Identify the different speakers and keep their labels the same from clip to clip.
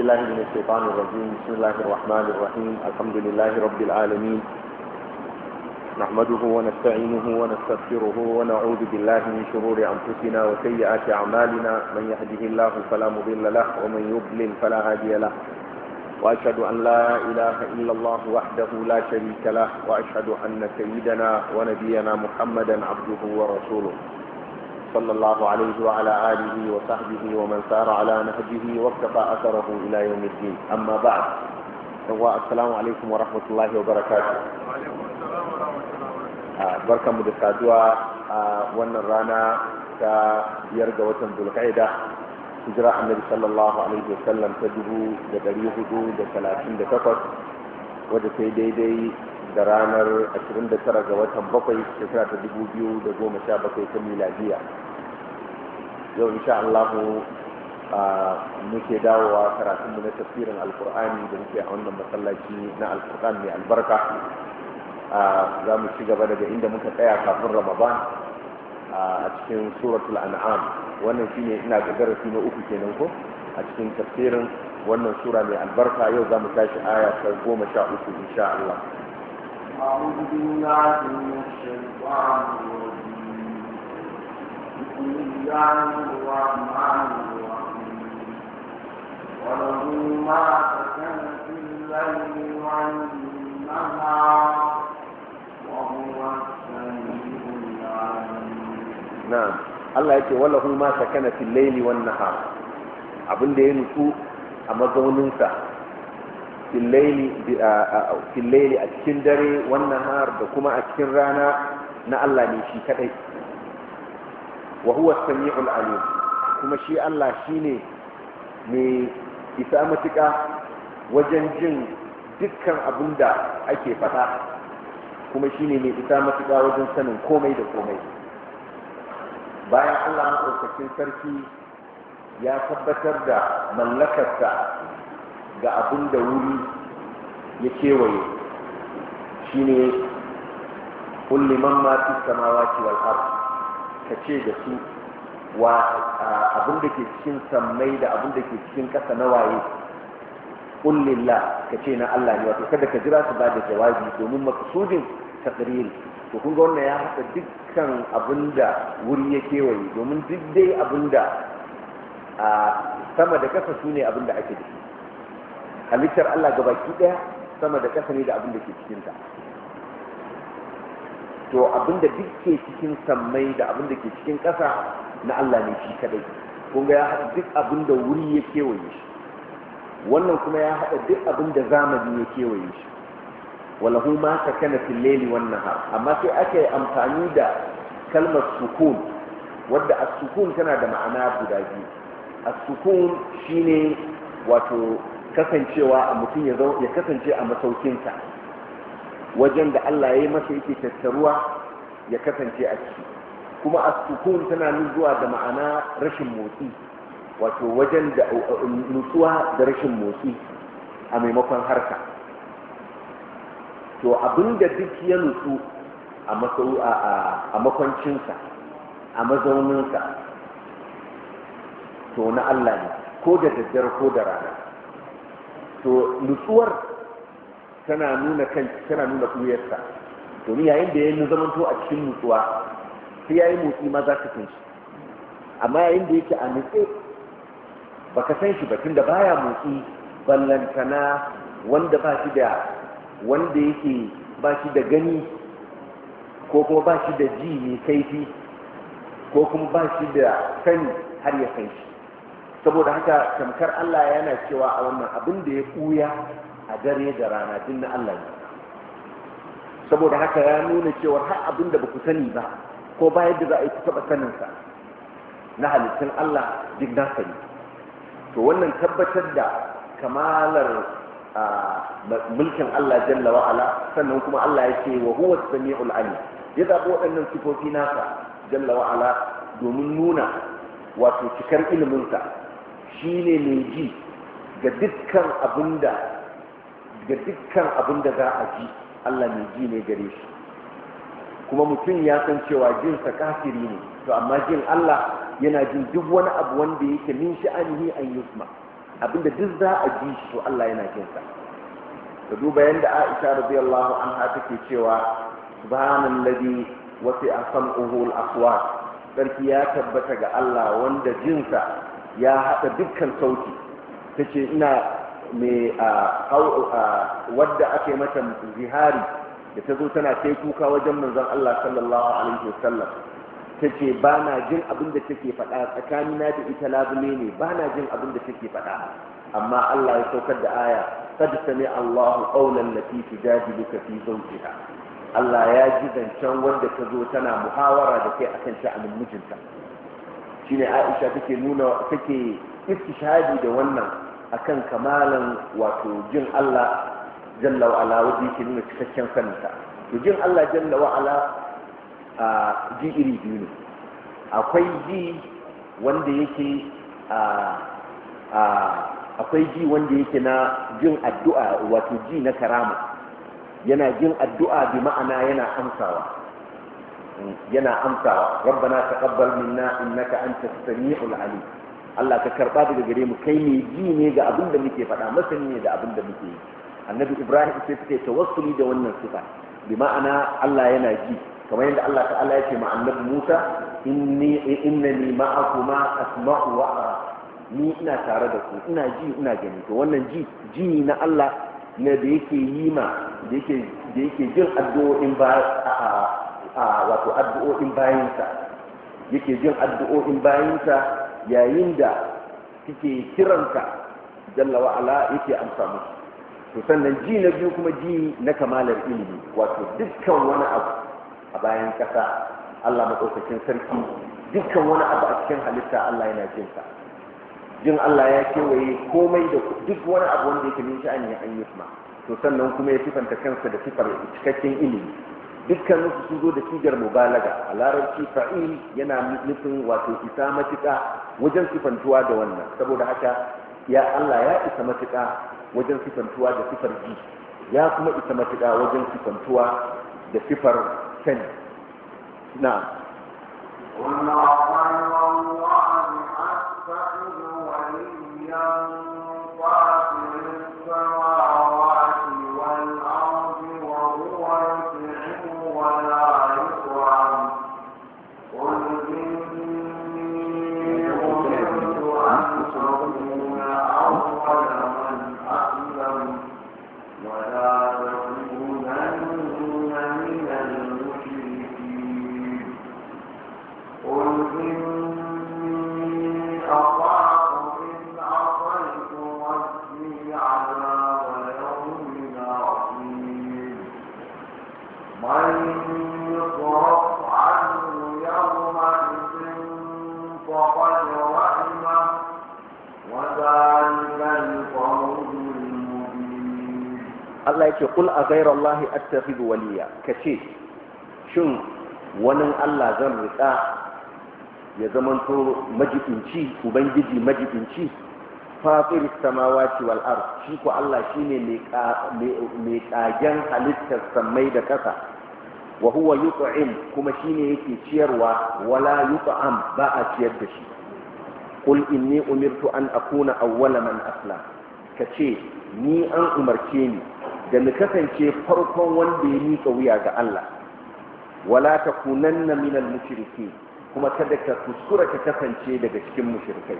Speaker 1: بالله من الشيطان الرجيم بسم الله الرحمن الرحيم الحمد لله رب العالمين نحمده ونستعينه ونستغفره ونعوذ بالله من شرور أنفسنا وسيئات أعمالنا من يهده الله فلا مضل له ومن يضلل فلا هادي له وأشهد أن لا إله إلا الله وحده لا شريك له وأشهد أن سيدنا ونبينا محمدا عبده ورسوله صلى الله عليه وعلى آله وصحبه ومن سار على نهجه واقتفى أثره إلى يوم الدين أما بعد السلام عليكم ورحمة الله وبركاته barkan mu da saduwa a wannan rana ta biyar ga watan zulqa'ida hijira annabi sallallahu alaihi wasallam ta dubu da dari hudu da talatin da takwas wadda sai daidai da ranar 29 ga watan 7 shekara ta 2017 ta miladiya yau insha Allah muke dawowa karatunmu na tafsirin alkur'ani da muke a wannan masallaci na alkur'an mai albarka za mu ci gaba daga inda muka tsaya kafin ramadan a cikin suratul an'am wannan shine ina ga darasi na uku kenan ko a cikin tafsirin wannan sura mai albarka yau za mu tashi aya ta goma sha uku insha Allah
Speaker 2: أعوذ بالله من الشيطان الرجيم بسم نعم. الله الرحمن الرحيم وله ما سكن في الليل والنهار
Speaker 1: وهو السميع العليم نعم الله ya وله ما سكن في الليل والنهار wan nahar abin da ya nutsu fillaili a cikin dare wannan har da kuma a cikin rana na Allah ne shi kadai wa huwa sami'ul alim kuma shi Allah shine mai isa matuƙa wajen jin dukkan abin da ake fata kuma shine mai isa matuƙa wajen sanin komai da komai bayan Allah maɗaukakin sarki ya tabbatar da mallakarsa ga abin da wuri ya kewaye shi ne kulle ma fi samawati wal ka ce da su abin da ke cikin sammai da abin da ke cikin kasa na waye la ka ce na Allah ne wato kada ka jira su ba da jawabi domin makasudin taqrir to kun ga wannan ya haka dukkan abin da wuri ya kewaye domin duk dai abin da sama da kasa su ne abin da ake da halittar Allah ga baki ɗaya sama da ƙasa ne da abin da ke cikinta to abin da duk ke cikin sammai da abin da ke cikin ƙasa na Allah ne shi kadai kun ga ya haɗa duk abin da wuri ya kewaye shi wannan kuma ya haɗa duk abin da zamani ya kewaye shi walahu ma sakana kana layli wannan nahar amma sai aka yi amfani da kalmar sukun wadda as-sukun tana da ma'ana guda biyu as-sukun shine wato kasancewa a mutum ya kasance a masaukinsa wajen da Allah ya yi masa yake tattaruwa ya kasance a ciki kuma a sukun tana zuwa da ma'ana rashin motsi wato wajen da uh, uh, nutsuwa da rashin motsi a maimakon harka to abinda duk ya nutsu a makwancinsa a mazauninsa to na Allah ne ko da daddare ko da rana to nutsuwar tana nuna kan tana nuna kuyarsa ni yayin da ya yi zamanto a cikin nutsuwa sai ya yi motsi ma za ka san shi amma yayin da yake a nutse ba ka san shi ba tunda baya motsi ballantana wanda ba shi da wanda yake ba shi da gani ko kuma ba shi da ji mai kaifi ko kuma ba shi da sani har ya san shi saboda haka tamkar Allah yana cewa a wannan abin da ya kuya a dare da rana din na Allah ne saboda haka ya nuna cewa har abin da ba sani ba ko ba yadda za a yi ku sanin sa na halittun Allah duk na sani to wannan tabbatar da kamalar mulkin Allah jalla wa'ala sannan kuma Allah ya ce wa huwa sami'ul alim ya zaɓi waɗannan sifofi nasa jalla wa'ala domin nuna wato cikar iliminsa shine mai ji ga dukkan abinda ga dukkan abinda za a ji Allah mai ji ne gare shi kuma mutum ya san cewa jin sa kafiri ne to amma jin Allah yana jin duk wani abu wanda yake min shi an yi kuma. abinda duk za a ji to Allah yana jin sa ka duba yanda Aisha radiyallahu anha take cewa subhanallazi wasi'a sam'uhu al aqwa sarki ya tabbata ga Allah wanda jinsa ya haɗa dukkan sauti ta ce ina mai wadda ake mata zihari da ta zo tana kai kuka wajen manzon Allah sallallahu alaihi wasallam ta ce ba na jin abin da take faɗa tsakanina da ita labule ne ba na jin abin da take faɗa amma Allah ya saukar da aya qad sami Allahu qawlan lati tujadiluka fi zawjiha Allah ya ji zancen wanda ta zo tana muhawara da kai akan sha'anin mijinta shine Aisha take nuna take istishhadi da wannan akan kamalan wato jin Allah jalla wa ala wanda yake nuna cikakken saninsa to jin Allah jalla wa ala a ji iri biyu ne akwai ji wanda yake a akwai ji wanda yake na jin addu'a wato ji na karama yana jin addu'a bi ma'ana yana amsawa yana amsawa rabbana taqabbal minna innaka antas samiul alim Allah ka karba daga gare mu kai ne ji ne ga abin da muke faɗa masani ne da abin da muke yi annabi ibrahim sai ta yi tawassuli da wannan sifa bi ma'ana Allah yana ji kamar yadda Allah ta'ala ya ce ma annabi Musa inni innani ma'akuma asma'u wa ara ni ina tare da ku ina ji ina gani to wannan ji ji na Allah ne da yake yi ma da yake da yake jin addu'o'in ba wato addu'o'in bayinsa yake jin addu'o'in bayinsa yayin da suke kiranka jalla wa'ala yake amsa musu to sannan ji na biyu kuma ji na kamalar ilimi wato dukkan wani abu a bayan kasa, Allah maɗaukakin sarki dukkan wani abu a cikin halitta Allah yana jin sa jin Allah ya kewaye komai da duk wani abu wanda yake min sha'ani an yi kuma to sannan kuma ya sifanta kansa da sifar cikakken ilimi dukkanin su zo da sigar mubalaga a larabci fa'il yana nufin wato isa matuƙa wajen sifantuwa da wannan saboda haka ya Allah ya isa matuƙa wajen sifantuwa da sifar ji ya kuma isa matuƙa wajen sifantuwa da sifar sani na ce kul a gairar Allah waliya ka ce shin wani Allah zan rika ya zamanto majibinci ubangiji majibinci fatir samawati wal ard shi ko Allah shine mai kagen halittar samai da ƙasa wa huwa yut'im kuma shine yake ciyarwa wala yut'am ba a ciyar da shi qul inni umirtu an akuna awwala man aslam kace ni an umarce ni da mu kasance farkon wanda ya mika wuya ga Allah wala takunanna minal mushriki kuma kada ka kuskura ka kasance daga cikin mushrikai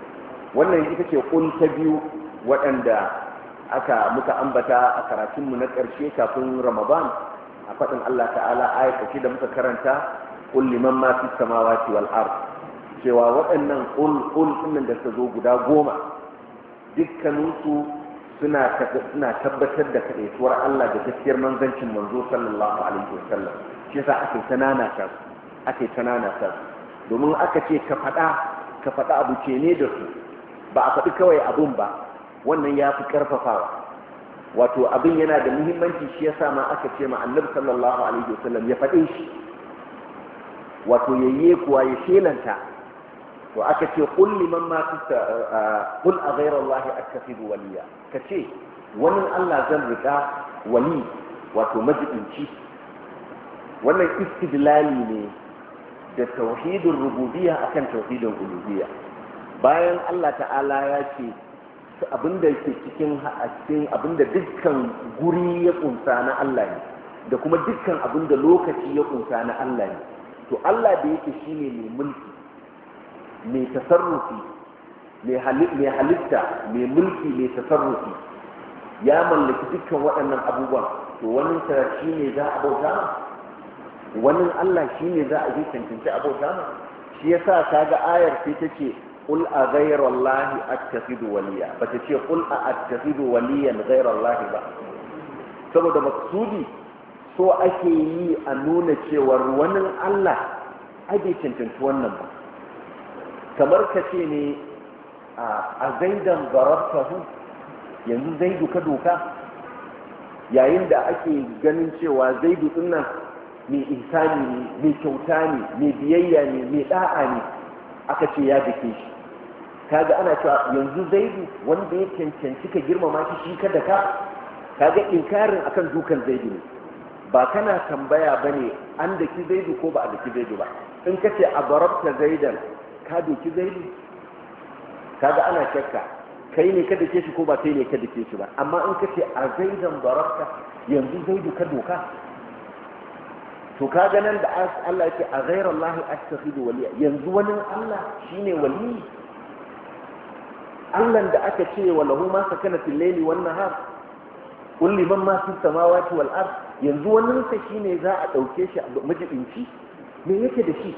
Speaker 1: wannan ita ce kun ta biyu waɗanda aka muka ambata a karatunmu na ƙarshe kafin ramadan a faɗin Allah ta'ala ayat da muka karanta kul liman ma fi samawati wal ard cewa waɗannan kul qul da suka zo guda goma dukkaninsu suna tabbatar da kaɗaituwar Allah da gaskiyar manzancin manzo sallallahu alaihi wasallam shi yasa ake tanana ta ake tanana ta domin aka ce ka faɗa ka faɗa abu ce ne da su ba a faɗi kawai abun ba wannan ya fi ƙarfafawa wato abin yana da muhimmanci shi yasa ma aka ce ma annabi sallallahu alaihi wasallam ya faɗe shi wato yayye kuwa ya shelanta to aka ce qul liman ma fi qul a ghayra allahi attakhidhu waliya kace wani Allah zan rika wali wato majibinci wannan istidlali ne da tauhidin rububiyya akan tauhidin uluhiyya bayan Allah ta'ala ya ce abinda yake cikin cikin abinda dukkan guri ya kunsa na Allah ne da kuma dukkan abinda lokaci ya kunsa na Allah ne to Allah da yake shine mai mulki mai tasarrufi mai halitta mai mulki mai tasarrufi ya mallaki dukkan waɗannan abubuwan to wani shi ne za a bauta ma wani Allah shi ne za a je cancanci a bauta ma shi ya sa ta ga ayar sai ta ce waliya ba ta ce kul a قل أتخذ waliyan gairar lahi ba saboda maksudi so ake yi a nuna cewar wani Allah ake cancanci wannan ba kamar ka ce ne a zaidan barabtahu yanzu zaidu ka doka yayin da ake ganin cewa zaidu suna mai isa ne mai kyauta ne mai biyayya ne mai da'a ne aka ce ya dake shi kaga ana cewa yanzu zaidu wanda ya cancanci ka girmama shi shi ka daka kaga inkarin akan dukan zaidu ne ba kana tambaya bane an daki zaidu ko ba a daki zaidu ba in kace a barabta zaidan ka doki zaidu kaga ana shakka kai ne ka dake shi ko ba kai ne ka dake shi ba amma in ka ce a zaidan barabta yanzu zaidu ka doka to kaga nan da Allah ya ce a ghairar lahi astakhidu waliya yanzu wani Allah shine wali Allah da aka ce wa lahu ma sakana fil layli wan nahar qul liman ma fis samawati wal ard yanzu wannan sa shine za a dauke shi a majibinci me yake da shi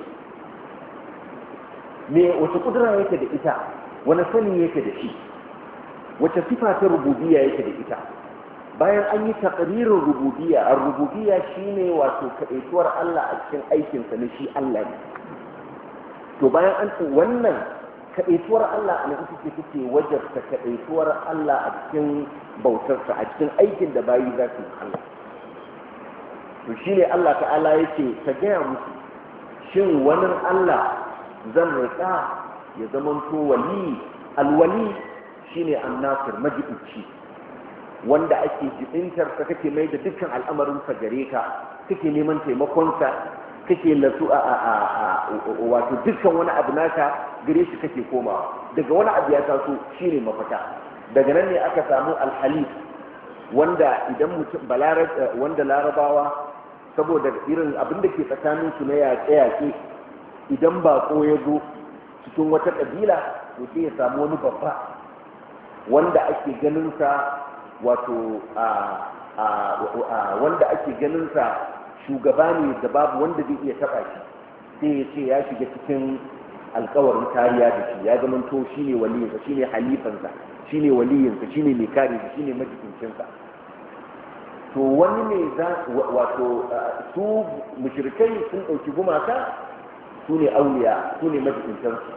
Speaker 1: me wace kudura yake da ita wani sani yake da shi wace sifa ta rububiya yake da ita bayan an yi taqririn rububiya, ar-rububiyya shine wato kaɗaituwar Allah a cikin aikinsa na shi Allah ne to bayan an ce wannan kaɗaituwar Allah a nan take take wajabta kaɗaituwar Allah a cikin bautarsa, a cikin aikin da bayi za su Allah to shine Allah ta'ala yake ta gaya musu shin wani Allah zan roƙa ya zamanto wali alwali shine annasir majibici wanda ake jibintar ka kake mai da dukkan al'amarin sa gare ka kake neman taimakon sa kake lasu a wato dukkan wani abu naka gare shi kake komawa daga wani abu ya taso shine mafita daga nan ne aka samu alhalif wanda idan mutum wanda larabawa saboda irin abin da ke tsakanin su na yaƙe-yaƙe idan ko ya zo cikin wata ƙabila to sai ya samu wani babba wanda ake ganin sa wato wanda ake ganin sa shugaba ne da babu wanda zai iya taɓa shi sai ya ce ya shiga cikin alkawarin kariya da shi ya zama to shi ne waliyinsa shi ne halifansa shi ne waliyinsa shi ne mai kare shi ne majikincinsa to wani ne za wato su mushrikai sun ɗauki gumaka su ne auliya su ne majalisarsu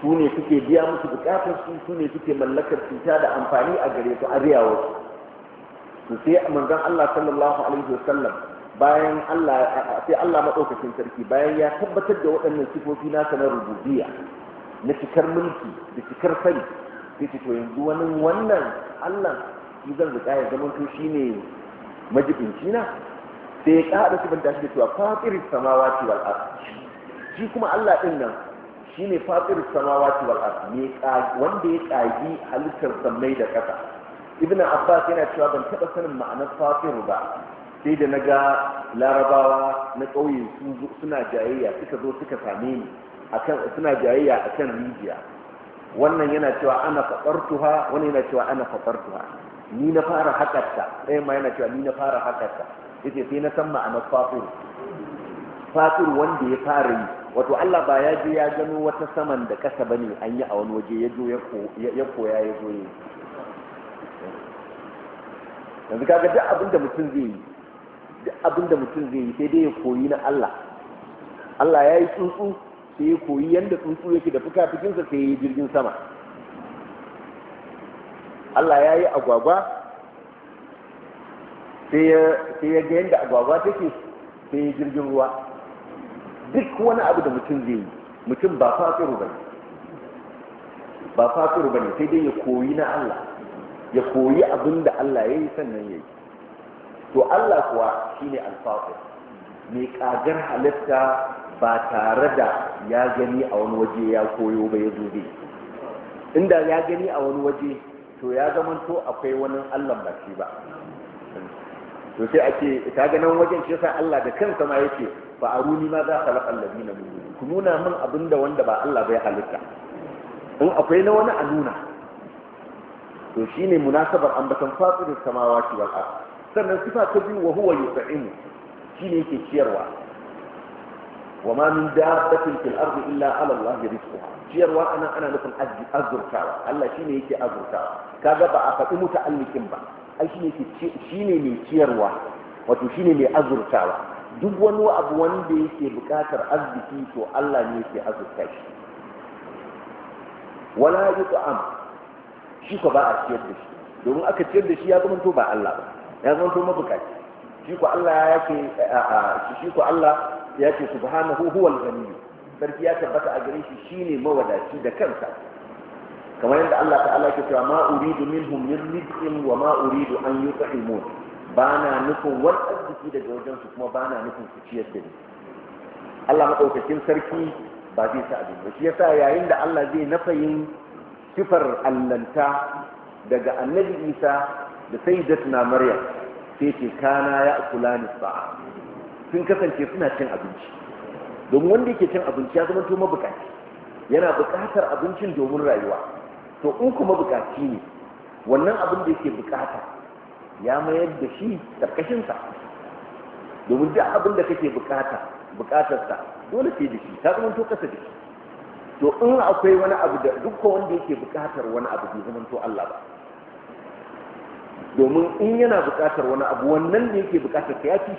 Speaker 1: su ne suke biya musu bukatarsu su ne suke mallakar cuta da amfani a gare su a riyawarsu su sai manzon Allah sallallahu alaihi wasallam bayan Allah sai Allah maɗaukakin sarki bayan ya tabbatar da waɗannan sifofi nasa na rububiya na cikar mulki da cikar sani sai ce yanzu wani wannan Allah shi zan zuka ya zama to shine majibinci na sai ya su sifanta shi da cewa fatirin samawa ce ardh shi kuma Allah din nan shi ne fatir samawa wal ard me wanda ya kagi halittar sammai da ƙasa ibn abbas yana cewa ban taɓa sanin ma'anar fatir ba sai da na ga larabawa na ƙauye su suna jayayya suka zo suka same ni akan suna jayayya akan rijiya wannan yana cewa ana fatartuha wani yana cewa ana fatartuha ni na fara haƙarta, ɗaya ma yana cewa ni na fara hakarta yace sai na san ma'anar fatir fatir wanda ya fara yi wato Allah ba ya je ya gano wata saman da ƙasa bane an yi a wani waje ya zo ya koya ya zo ne yanzu kaga duk abin da mutum zai yi duk abin da mutum zai yi sai dai ya koyi na Allah Allah ya yi tsuntsu sai ya koyi yadda tsuntsu yake da fuka-fukinsa sai ya yi jirgin sama Allah ya yi agwagwa sai ya ga yadda agwagwa take sai ya jirgin ruwa duk wani abu da mutum zai yi mutum ba fasiru bane ba fasiru bane sai dai ya koyi na Allah ya koyi abin da Allah ya yi sannan ya yi to Allah kuwa shi ne alfasir mai ƙagar halitta ba tare da ya gani a wani waje ya koyo ba ya zobe, inda ya gani a wani waje to ya zamanto akwai wani Allah ba shi ba to sai ake ta ganin wajen shi yasa Allah da kansa ma yake fa runi ma za khalaqa alladhina min duni ku nuna min abinda wanda ba Allah bai halitta in akwai na wani a nuna to shine munasabar ambatan fatirin samawati wal ard sannan sifa ta biyu wa huwa yut'imu shine yake ciyarwa wa ma min dabbatin fil ardi illa ala Allah rizquha ciyarwa anan ana nufin azurtawa Allah shi ne yake azurtawa kaga ba a faɗi muta'allikin ba ai ne yake shine mai ciyarwa wato shi ne mai azurtawa duk wani abu wanda yake bukatar arziki to Allah ne yake azurta shi wala yut'am shi ko ba a ciyar da shi domin aka ciyar da shi ya zama to ba Allah ba ya zama to mabukaci shi ko Allah ya ke a shi ko Allah ya ke subhanahu huwal ghani sarki ya tabbata a gare shi shine mawadaci da kansa kamar yadda Allah ta'ala ke cewa ma uridu minhum min rizqin wa ma uridu an yut'imun ba na nufin wani arziki daga wajensu kuma ba na nufin su ciyar da ni Allah maɗaukakin sarki ba zai sa abin ba shi yasa yayin da Allah zai nafayin sifar allanta daga annabi Isa da sayyidatuna Maryam sai ce kana ya kula ni sun kasance suna cin abinci domin wanda yake cin abinci ya zama to mabukaci yana buƙatar abincin domin rayuwa to in kuma bukaci ne wannan abin da yake bukata ya mayar da shi ƙarƙashinsa, domin duk abin da kake bukata bukatarsa dole sai da shi ta zama to kasa da shi to in akwai wani abu da dukkan wanda yake bukatar wani abu bai zama to Allah ba domin in yana bukatar wani abu wannan da yake bukatar ka ya shi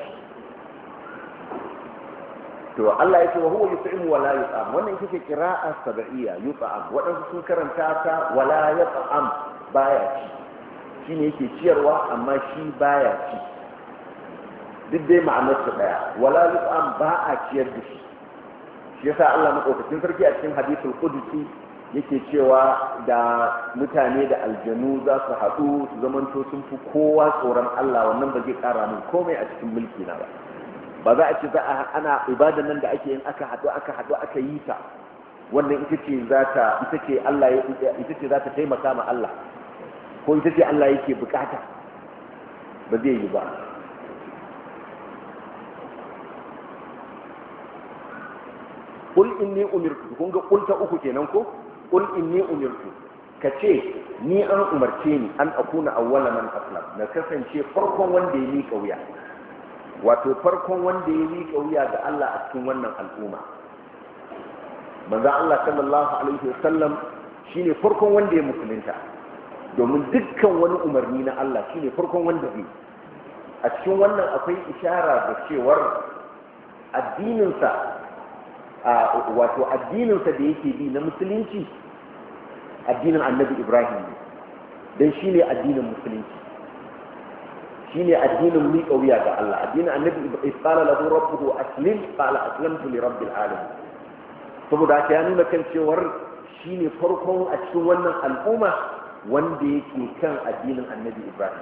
Speaker 1: to Allah ya ce wa huwa yut'im wa la yut'am wannan ita ce qira'a sab'iyya yut'am wadansu sun karanta ta wa la yut'am baya ci shi ne yake ciyarwa amma shi baya ci duk dai su ɗaya wala lut'am ba a ciyar da shi shi yasa Allah maɗaukakin sarki a cikin hadisul qudusi yake cewa da mutane da aljanu za su haɗu su zamanto sun fi kowa tsoron Allah wannan ba zai ƙara min komai a cikin mulki na ba ba za a ce za a ana ibada nan da ake yin aka haɗu aka haɗu aka yi ta wannan ita ce ta ita ce za ta taimaka ma Allah ko ita ce Allah yake bukata ba zai yi ba kul inni umirtu kun ga kulta uku kenan ko kul inni umirtu ka ce ni an umarce ni an akuna awwala man aslam na kasance farkon wanda ya mika wuya wato farkon wanda ya mika wuya ga Allah a cikin wannan al'umma manzo Allah sallallahu alaihi wasallam shine farkon wanda ya musulunta domin dukkan wani umarni na Allah shine farkon wanda zai a cikin wannan akwai ishara da cewar addininsa wato addininsa da yake bi na musulunci addinin annabi ibrahim ne don shi ne addinin musulunci shi ne addinin miƙa wuya ga Allah addinin annabi isfala lahu rabbuhu aslim qala aslamtu li rabbil alamin saboda haka ya nuna kan cewar shi ne farkon a cikin wannan al'umma wanda yake kan addinin annabi ibrahim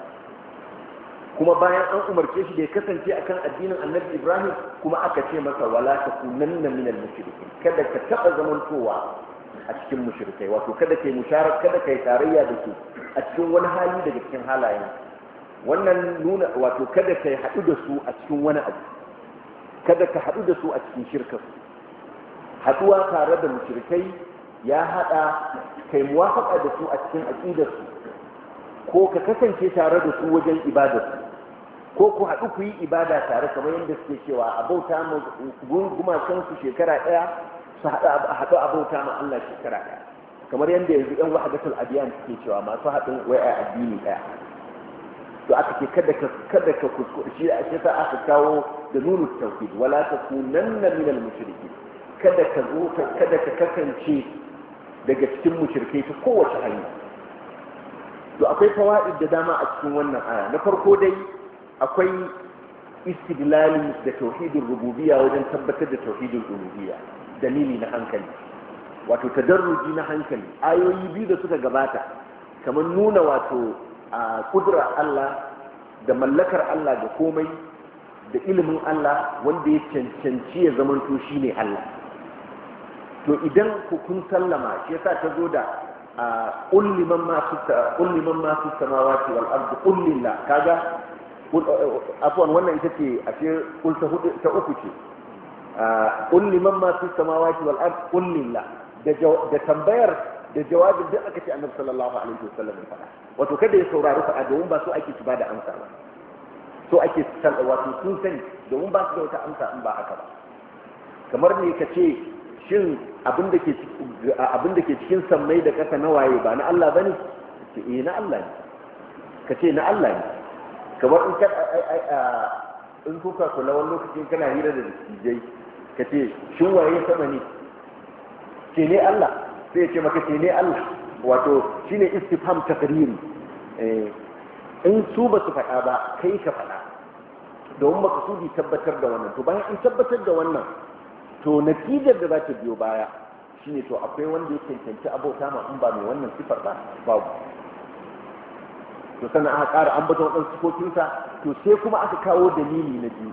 Speaker 1: kuma bayan an umarce shi da ya kasance kan addinin annabi ibrahim kuma aka ce masa wala ta na minal mushrikin kada ka taɓa zamantowa a cikin mushrikai wato kada kai musharar kada kai tarayya da su a cikin wani hali daga cikin halayen wannan nuna wato kada kai haɗu da su a cikin wani abu kada ka haɗu da su a cikin shirkar haɗuwa tare da mushrikai ya haɗa kai muwafaƙa da su a cikin aƙidarsu ko ka kasance tare da su wajen ibadarsu ko ku haɗu ku yi ibada tare kamar yadda suke cewa a bauta ma gumakan su shekara ɗaya su haɗu a bauta ma Allah shekara ɗaya kamar yadda yanzu ɗan wahadatul adiyan suke cewa masu haɗin waya a addini ɗaya to aka ce kada ka kada ka kuskure shi a ce aka kawo da nunu tauhid wala takunanna minal mushrikin kada ka zo kada ka kasance daga cikin mushrikai ta kowace hanya to akwai fawaid da dama a cikin wannan aya na farko dai akwai istidlali da tauhidin rububiyya wajen tabbatar da tauhidin uluhiyya dalili na hankali wato tadarruji na hankali ayoyi biyu da suka gabata kamar nuna wato a kudura Allah da mallakar Allah da komai da ilimin Allah wanda ya cancanci ya zamanto shine Allah to idan ku kun sallama shi yasa ta zo da kulli man ma fi kulli man ma fi samawati wal ardi kulli la kaga afwan wannan ita ce a ce kul ta hudu ta uku ce kulli man ma fi samawati wal ardi kulli la da tambayar da jawabin duk aka ce annabi sallallahu alaihi wasallam ya faɗa wato kada ya saurari fa'a domin ba so ake su ba da amsa ba so ake wato sun sani domin ba su da wata amsa in ba haka ba kamar ne ka ce shin abin da ke cikin sammai da kasa na waye ba na Allah ba ne ke iya eh, na Allah ne ka ce na Allah ne kamar in ka in kuka kula wani lokacin kana hira da dijai ka ce shin waye sama ne ce ne Allah sai ya ce maka ce ne Allah wato shine istifham taqriri eh, in su ba su faɗa ba kai ka faɗa domin baka su bi tabbatar da wannan to bayan in tabbatar da wannan to natijar da za ta biyo baya shine to akwai wanda ya cancanci abota ma in ba mai wannan sifar ba babu to sannan aka ƙara bata waɗansu sifofinsa to sai kuma aka kawo dalili na biyu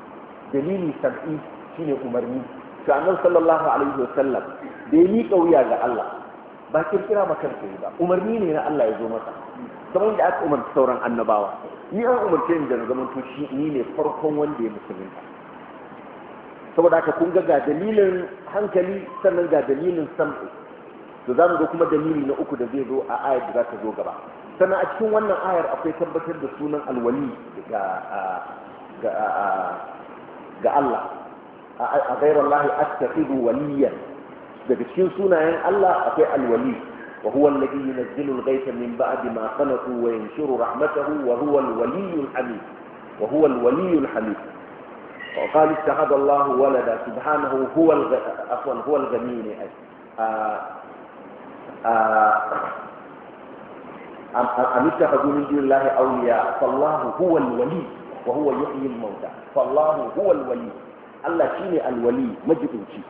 Speaker 1: dalili sam'i shine umarni to annabi sallallahu alaihi wasallam da ya yi wuya ga Allah ba kirkira ma kansa ba umarni ne na Allah ya zo masa kamar yadda aka umarci sauran annabawa ni an umarce ni da na zama to shi ni ne farkon wanda ya musulunta saboda haka kun ga ga dalilin hankali sannan ga dalilin sam'i to za mu ga kuma dalili na uku da zai zo a ayar da za ta zo gaba sannan a cikin wannan ayar akwai tabbatar da sunan alwali ga Allah a gairar lahi attaqidu waliyan daga cikin sunayen Allah akwai alwali wa huwa alladhi yunazzilu al-ghaytha min ba'di ma qanatu wa yanshuru rahmatahu wa huwa al-waliyyu al-hamid wa huwa al-waliyyu al-hamid وقال اتخذ الله ولدا سبحانه هو الغ... عفوا هو الغني أم اتخذوا من دون الله أولياء فالله هو الولي وهو يحيي الموتى فالله هو الولي الله شيني الولي مجد شي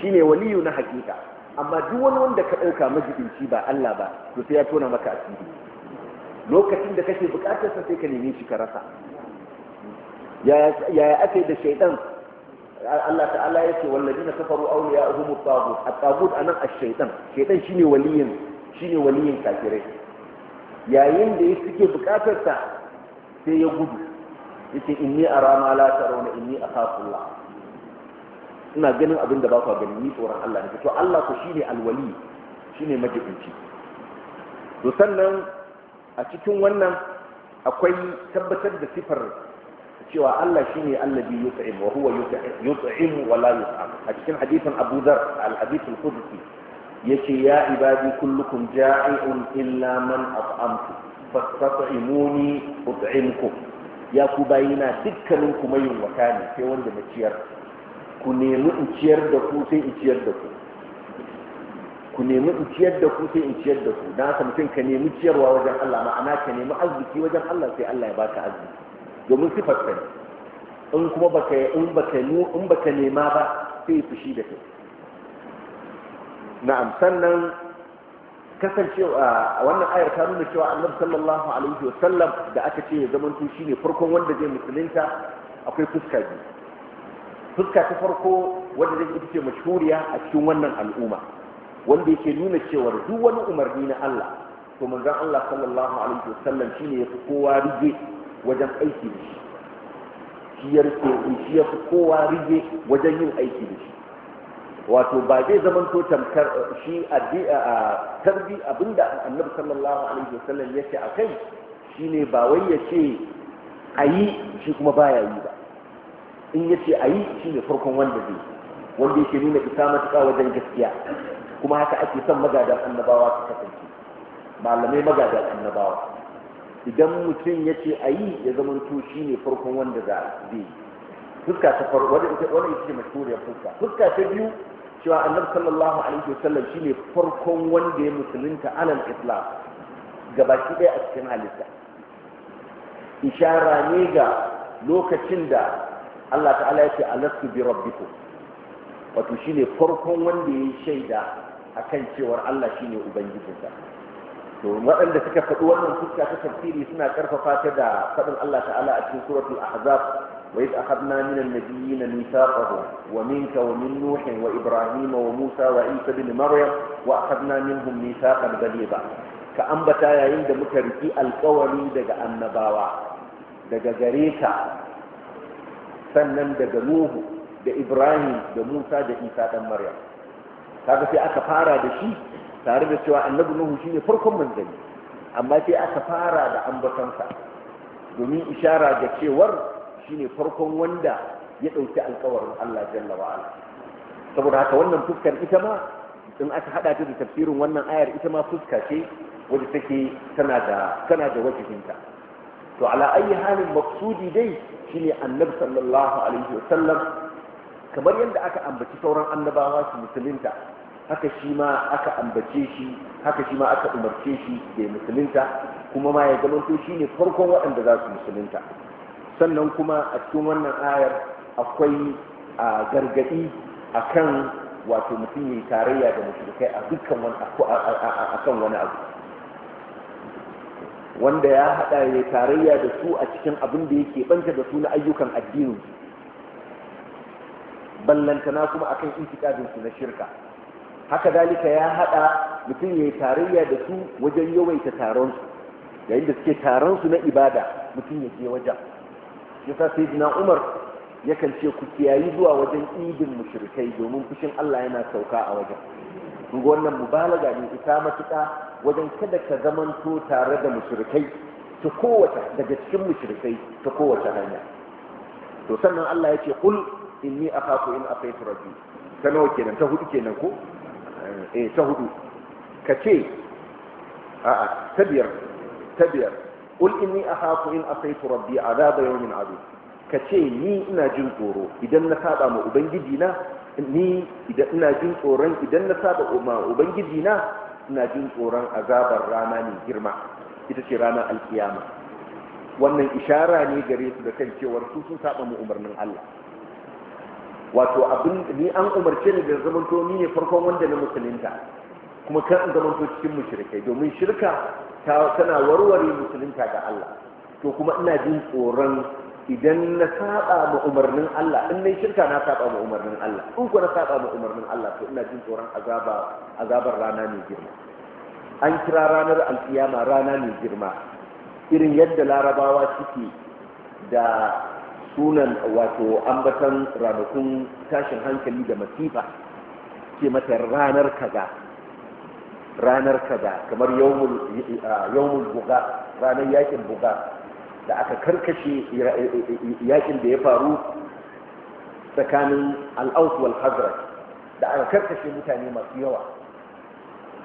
Speaker 1: shine waliyu na hakika amma duk wani wanda ka ɗauka majibinci ba Allah ba to sai ya tona maka asiri lokacin da kake bukatarsa sai ka neme shi ka rasa yaya aka yi da shaidan Allah ta'ala ya ce wallazina kafaru awliya'uhum a tagut at nan anan ash-shaytan shaytan shine waliyin shine waliyin kafirai yayin da yake suke bukatar ta sai ya gudu yace inni ara ma la tarawna inni akhafullah ina ganin abin da ba ku gani ni tsoron Allah ne to Allah ku shine al-wali shine majibinci to sannan a cikin wannan akwai tabbatar da sifar cewa Allah shine allazi yut'im wa huwa yut'im wa la yut'am a cikin hadisin Abu Dharr al-hadith al-qudsi yace ya ibadi kullukum ja'i'un illa man at'amtu fastat'imuni ut'imkum ya ku bayina dukkanin ku mai wata ne sai wanda na ciyar ku nemi in ciyar da ku sai in ciyar da ku ku nemi in ciyar da ku sai in ciyar da ku dan haka mutum ka nemi ciyarwa wajen Allah ma'ana ka nemi arziki wajen Allah sai Allah ya baka arziki domin sifar ka in kuma baka in baka in baka nema ba sai fushi da kai na'am sannan kasancewa wannan ayar ta nuna cewa annabi sallallahu alaihi wasallam da aka ce ya zama tun shine farkon wanda zai musulunta akwai fuska biyu fuska ta farko wanda zai ita ce mashhuriya a cikin wannan al'umma wanda yake nuna cewa duk wani umarni na Allah to zan Allah sallallahu alaihi wasallam shine yafi kowa rige wajen aiki da shi shi ya rike shi yafi kowa rige wajen yin aiki da shi wato ba zai zaman to tamkar eh, shi a eh, ah, tarbi abinda annabi sallallahu alaihi wasallam yake shi ne ba wai ya ce ayi shi kuma baya yi ba in ya ce shi ne farkon wanda zai wanda yake nuna isa matuƙa wajen gaskiya kuma haka ake son magadan annabawa su kasance malamai magada annabawa idan mutum ya ce a yi ya zama to shi ne farkon wanda za a yi fuska ta faru wadda ita wani ita ce mashuriyar fuska fuska ta biyu cewa annabi sallallahu alaihi wasallam ne farkon wanda ya musulunta alal islam shi ɗaya a cikin halitta ishara ne ga lokacin da Allah ta'ala ya ce alastu bi rabbikum wato shi ne farkon wanda ya shaida akan cewar Allah shi ne ubangijinsa to waɗanda suka faɗi wannan fuska ta tafsiri suna ƙarfafa ta da faɗin Allah ta'ala a cikin suratul ahzab wa iz akhadna min an-nabiyyin mithaqahum wa minka wa min nuh wa ibrahim wa musa wa isa ibn maryam wa akhadna minhum mithaqan ghaliza ka ambata yayin da muka riki alƙawari daga annabawa daga gare ka sannan daga nuhu da ibrahim da musa da isa dan maryam kaga sai aka fara da shi tare da cewa annabi nuhu shine farkon manzanni amma sai aka fara da ambatonsa domin ishara da cewar shine farkon wanda ya ɗauki alkawarin Allah jalla wa ala saboda haka wannan fuskar ita ma in aka hada ta da tafsirin wannan ayar ita ma fuska ce wadda take tana da tana da wajihinta to ala ayi halin maqsudi dai shine annabi sallallahu alaihi sallam kamar yadda aka ambaci sauran annabawa su musulunta haka shi ma aka ambace shi haka shi ma aka umarce shi da musulunta kuma ma ya zamanto to shine farkon waɗanda za su musulunta sannan kuma a cikin wannan ayar akwai a gargaɗi a kan wato mutum ya tarayya da mushrikai a dukkan wani a kan wani abu wanda ya haɗa ya tarayya da su a cikin abin da yake banta da su na ayyukan addinin ballantana kuma akan itikadin su na shirka haka dalika ya hada mutum ya yi tarayya da su wajen yawaita taron yayin da suke taron su na ibada mutum ya je wajen yasa sayyidina umar yakan ce ku kiyayi zuwa wajen idin mushrikai domin fushin Allah yana sauka a wajen kun ga wannan mubalaga ne ita matuƙa wajen kada ka zamanto tare da mushrikai ta kowace daga cikin mushrikai ta kowace hanya to sannan Allah ya ce kul inni akhafu in afaitu rabbi ta kenan ta hudu kenan ko eh ta hudu ka ce a'a ta biyar ta biyar qul inni akhafu in asaitu rabbi adaba yawmin adid ka ce ni ina jin tsoro idan na saba ma ubangiji na ni idan ina jin tsoron idan na saba ma ubangiji na ina jin tsoron azabar rana mai girma ita ce ranar alkiyama wannan ishara ne gare su da kan cewar su sun saba ma umarnin Allah wato abin ni an umarce ni da zamanto ni ne farkon wanda na musulunta kuma kan zamanto cikin mushrikai domin shirka tana warware musulunta ga Allah to kuma ina jin tsoron idan na saba ma umarnin Allah in nayi shirka na saba ma umarnin Allah in ko na saba ma umarnin Allah to ina jin tsoron azaba azabar rana mai girma an kira ranar alkiyama rana mai girma irin yadda larabawa suke da sunan wato ambatan ranakun tashin hankali da masifa ke mata ranar kaza ranar kaza kamar yawmul buga ranar yakin buga da aka karkashe yakin da ya faru tsakanin al'aus wal hazrat da aka karkashe mutane masu yawa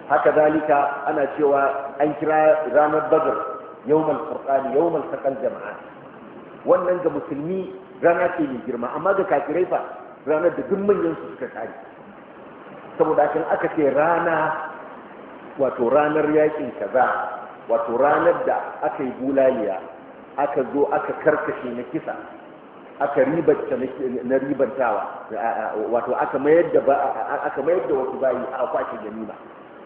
Speaker 1: haka zalika ana cewa an kira ranar badar yawmal furqani yawmal taqal jama'a wannan ga musulmi rana ce mai girma amma ga kafirai fa ranar da duk manyan su suka tsari, saboda kan aka ce rana wato ranar yakin kaza wato ranar da aka yi bulaliya aka zo aka karkashe na kisa aka ribanta na ribantawa wato aka mayar da aka mayar da wasu bayi a kwace ganima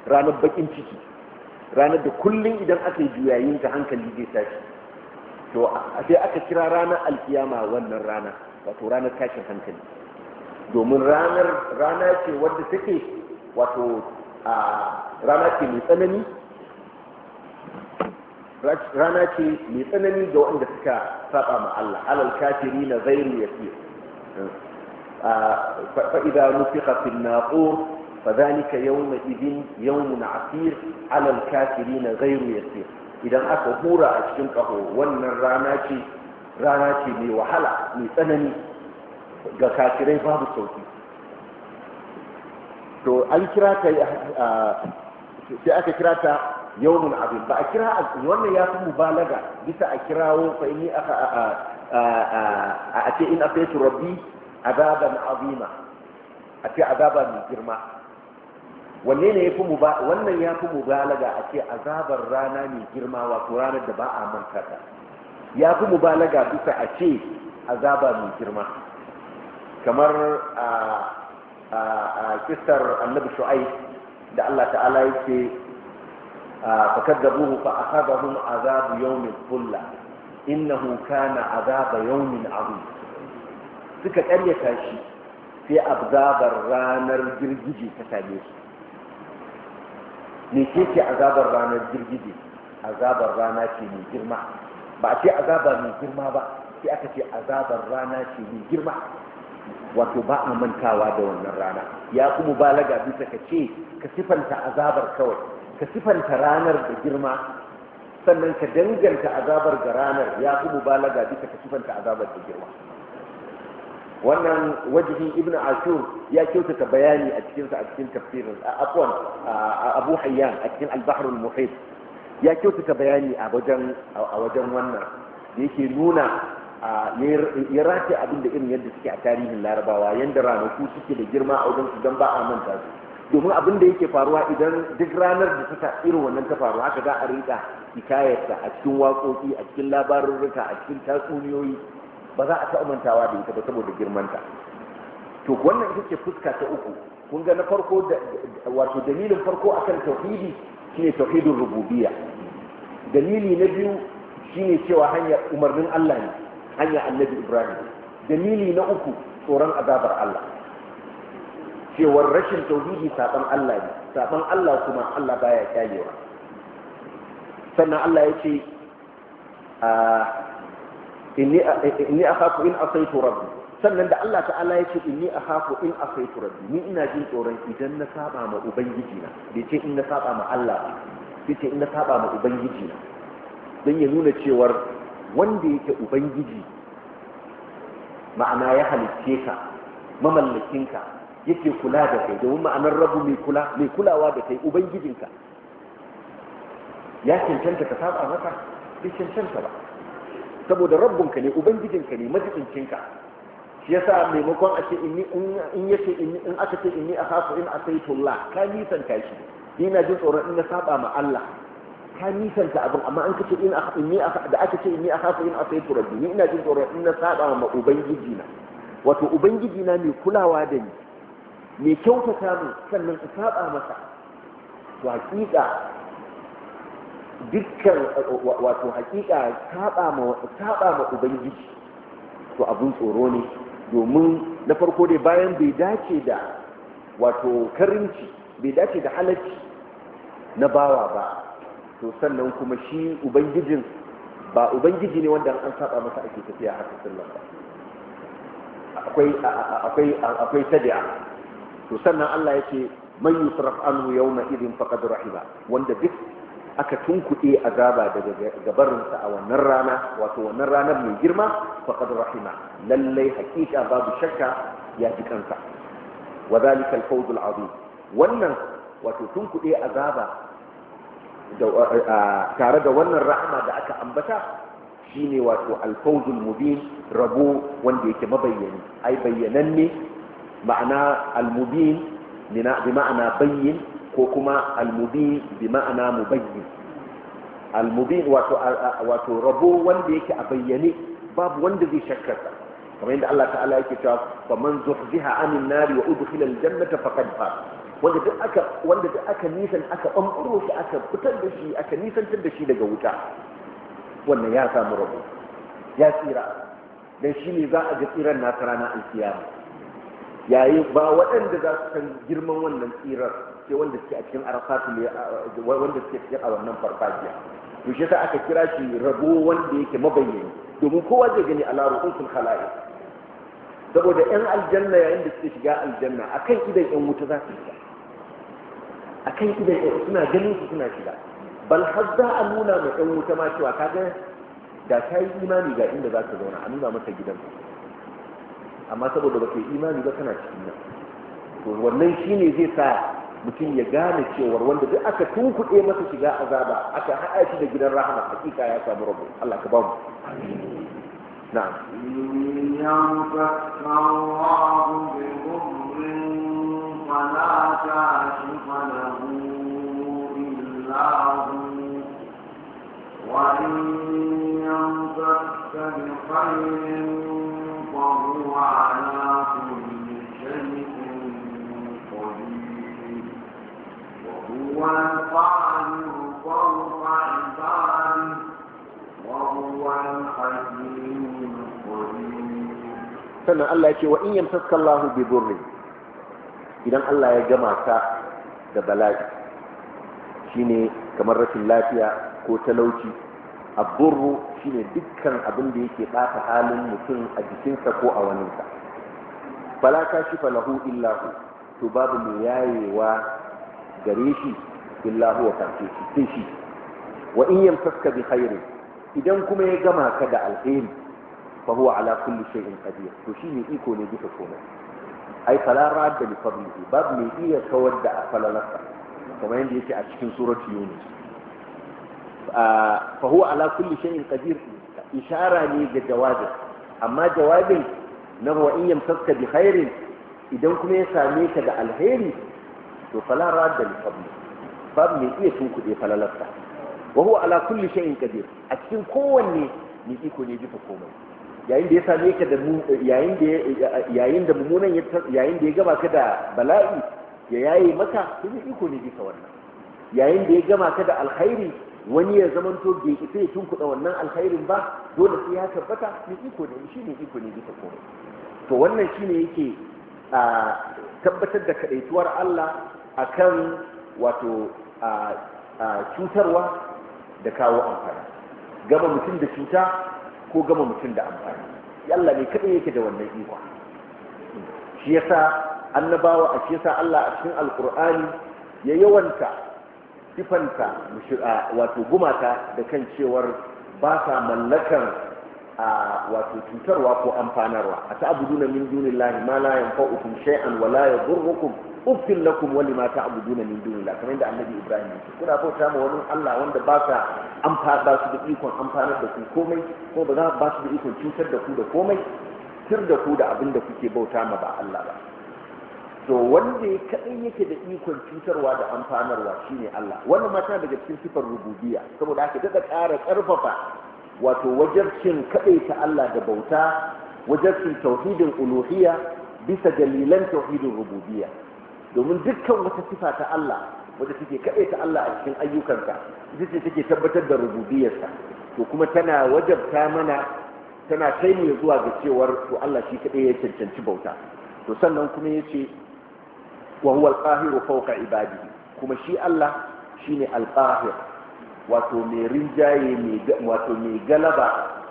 Speaker 1: ranar bakin ciki ranar da kullun idan aka yi juyayin ka hankali zai tashi to sai aka kira ranar alkiyama wannan rana wato ranar tashin hankali domin ranar rana ce wadda take wato rana ce mai tsanani rana ce mai tsanani ga wanda suka saba ma Allah alal kafiri na zairu ya fiye فإذا نفخ في الناقور فذلك يومئذ يوم عسير على الكافرين غير يسير idan aka hura a cikin kaho, wannan rana ce rana ce mai wahala mai tsanani ga kafirai babu sauki to an kira ta sai aka kira ta yawon abin ba a kira wannan ya fi mubalaga bisa a kirawo fa inni aka a ce in afaitu rabbi azaban azima a ce azaba mai girma wanne ne yafi muba wannan yafi mubalaga a ce azabar rana mai girma wato ranar da ba a manta ta yafi balaga duka a ce azaba mai girma kamar a a kisar annabi shu'aib da Allah ta'ala yake fakaddabuhu fa akhadahum azabu yawmin dhulla innahu kana azaba yawmin azim suka karyata shi sai azabar ranar girgije ta same shi me ke ce azabar ranar girgije azabar rana ce mai girma ba a ce azaba mai girma ba sai aka ce azabar rana ce mai girma wato ba a mantawa da wannan rana ya kuma balaga bisa ka ce ka sifanta azabar kawai ka sifanta ranar da girma sannan ka danganta azabar ga ranar ya kuma balaga bisa ka sifanta azabar da girma wannan wajihin ibn ashur ya kyautata bayani a cikinsa a cikin tafsirin afwan abu hayyan a cikin al-bahr al-muhit ya kyautata bayani a wajen a wajen wannan da yake nuna ya race abin da irin yadda suke a tarihin larabawa yadda ranaku suke da girma a wajen su don ba a manta su domin abin da yake faruwa idan duk ranar da suka irin wannan ta faru haka za a rika hikayarsa a cikin waƙoƙi a cikin labarurruka a cikin tatsuniyoyi ba za a ta mantawa da ita ba saboda girmanta to wannan ita ce fuska ta uku kun ga na farko da, wato dalilin farko akan tauhidi shine tauhidin rububiyya dalili na biyu shine cewa hanyar umarnin Allah ne hanya annabi Ibrahim dalili na uku tsoron azabar Allah cewar rashin tauhidi saban Allah ne saban Allah kuma Allah baya kyalewa sannan Allah ya ce ah, inni akhafu in asaitu rabbi sannan da Allah ta'ala yake inni akhafu in asaitu rabbi ni ina jin tsoron idan na saba ma ubangiji na bai ce in na saba ma Allah bai ce in na saba ma ubangiji na dan ya nuna cewar wanda yake ubangiji ma'ana ya halicce ka mamallakin ka yake kula da kai domin ma'anar rabu mai kula mai kulawa da kai ubangijinka ya cancanta ka saba maka bai cancanta ba saboda rabbunka ne ubangijinka ne majibincinka shi yasa maimakon a ce in yace in aka ce in yi a akhafu in asaitullah ka nisan ka shi ina jin tsoron in na saba ma Allah ka nisanta abin amma an kace in inni da aka ce in a akhafu in a asaitu rabbi ni ina jin tsoron in na saba ma ubangiji na wato ubangiji na mai kulawa da ni mai kyautata mu sannan in saba masa to hakika dukkan wato hakika saba ma ubangiji to abun tsoro ne domin na farko dai bayan bai dace da wato karinci bai dace da halacci na bawa ba to sannan kuma shi ubangijin ba ubangiji ne wanda an saba masa ake tafiya a sallan ba akwai akwai akwai to sannan Allah yake man yusraf anhu yawma idin faqad rahiba wanda duk aka tunkuɗe azaba daga gabarinsa a wannan rana wato wannan ranar mai girma faqad rahima lallai hakika babu shakka ya ji kansa wa zalika al-fawz al-azim wannan wato tunkuɗe azaba tare da wannan rahama da aka ambata shine wato al mubin rabo wanda yake mabayyani ai bayyananne ma'ana al-mubin bi ma'ana bayyin ko kuma almubin bi ma'ana mu almubin wato wato rabo wanda yake a bayyane babu wanda zai shakkarsa kamar yadda Allah ta'ala yake cewa fa man zuhziha anin nari wa udkhila aljannata faqad fa, wanda duk aka wanda duk aka nisan aka bambaro shi aka fitar da shi aka nisantar da shi daga wuta wannan ya samu rabo ya tsira dan shi ne za a ga tsiran na alkiyama yayi ba waɗanda za su san girman wannan tsirar sai wanda suke a cikin arafatu wanda suke cikin a wannan farfajiya to shi yasa aka kira shi rabo wanda yake mabayyani domin kowa zai gani ala ru'usul khala'iq saboda yan aljanna yayin da suke shiga aljanna akan idan yan wuta za su shiga akan idan yan suna ganin su suna shiga bal har za a nuna mai yan wuta ma cewa kaga da ta yi imani ga inda za su zauna a nuna masa gidan amma saboda ba ka yi imani ba kana cikin nan to wannan shine zai sa mutum ya gane cewar wanda duk aka tunkuɗe masa shiga azaba aka haɗa shi da gidan rahama hakika ya samu rabu Allah ka ba mu na'am
Speaker 2: sannan
Speaker 1: Allah ya ce wa in yamsaka Allahu bi durri idan Allah ya gama ka da bala'i shine kamar rashin lafiya ko talauci abdurru shine dukkan abin da yake ɓata halin mutum a jikinsa ko a waninsa fala kashifa lahu illa to babu mu yayewa gare shi illa huwa shi, sai shi wa in yamsaka bi khairin idan kuma ya gama ka da alheri fa huwa ala kulli shay'in qadir to shi ne iko ne bisa komai ai fala rad da fadlihi bab mai iya kawar da falalarsa kamar yadda yake a cikin surati yunus fa huwa ala kulli shay'in qadir ishara ne ga jawabin amma jawabin na wa in yamsaka bi khairin idan kuma ya same ka da alheri to fala radda li fadli babu mai iya tunkuɗe falalarsa wa huwa ala kulli shay'in qadir a cikin kowanne ni iko ne jifa komai yayin da ya same ka da yayin da yayin da mummunan yayin da ya gama ka da bala'i ya yaye maka to ni iko ne jifa wannan yayin da ya gama ka da alkhairi wani ya to bai ita ya tunkuɗa wannan alkhairin ba dole sai ya tabbata ni iko ne shi ne iko ne jifa komai to wannan shine yake tabbatar da kadaituwar Allah akan wato cutarwa da kawo amfani gama mutum da cuta ko gama mutum da amfani yalla ne kaɗai yake da wannan ikon shi yasa annabawa a shi yasa Allah a cikin alkur'ani ya yawanta sifanta wato gumata da kan cewar ba sa mallakar a wato cutarwa ko amfanarwa a ta'buduna min dunillahi ma la yanfa'ukum shay'an wa la yadhurrukum uffin lakum mata lima ta'buduna min dunillah kamar da annabi Ibrahim ya ce kuna bauta ma wani Allah wanda ba sa amfa ba su da ikon amfanar da ku komai ko ba za ba su da ikon cutar da ku da komai tir da ku da abin da kuke bauta ma ba Allah ba to wanda ya kaɗai yake da ikon cutarwa da amfanarwa shine Allah wannan mata daga cikin sifar rububiya saboda haka daga ƙara ƙarfafa wato wajarcin kaɗai ta Allah da bauta wajarcin tauhidin uluhiyya bisa dalilan tauhidin Rububiya. domin dukkan wata sifa ta Allah wadda take kaɗai ta Allah a cikin ayyukanta, ita ce take tabbatar da rububiyarsa to kuma tana wajabta mana tana kai mu zuwa ga cewar to Allah shi kaɗai ya cancanci bauta to sannan kuma ya ce wa huwa al-qahiru fawqa ibadi, kuma shi Allah shine al-qahir wato mai rinjaye wato mai galaba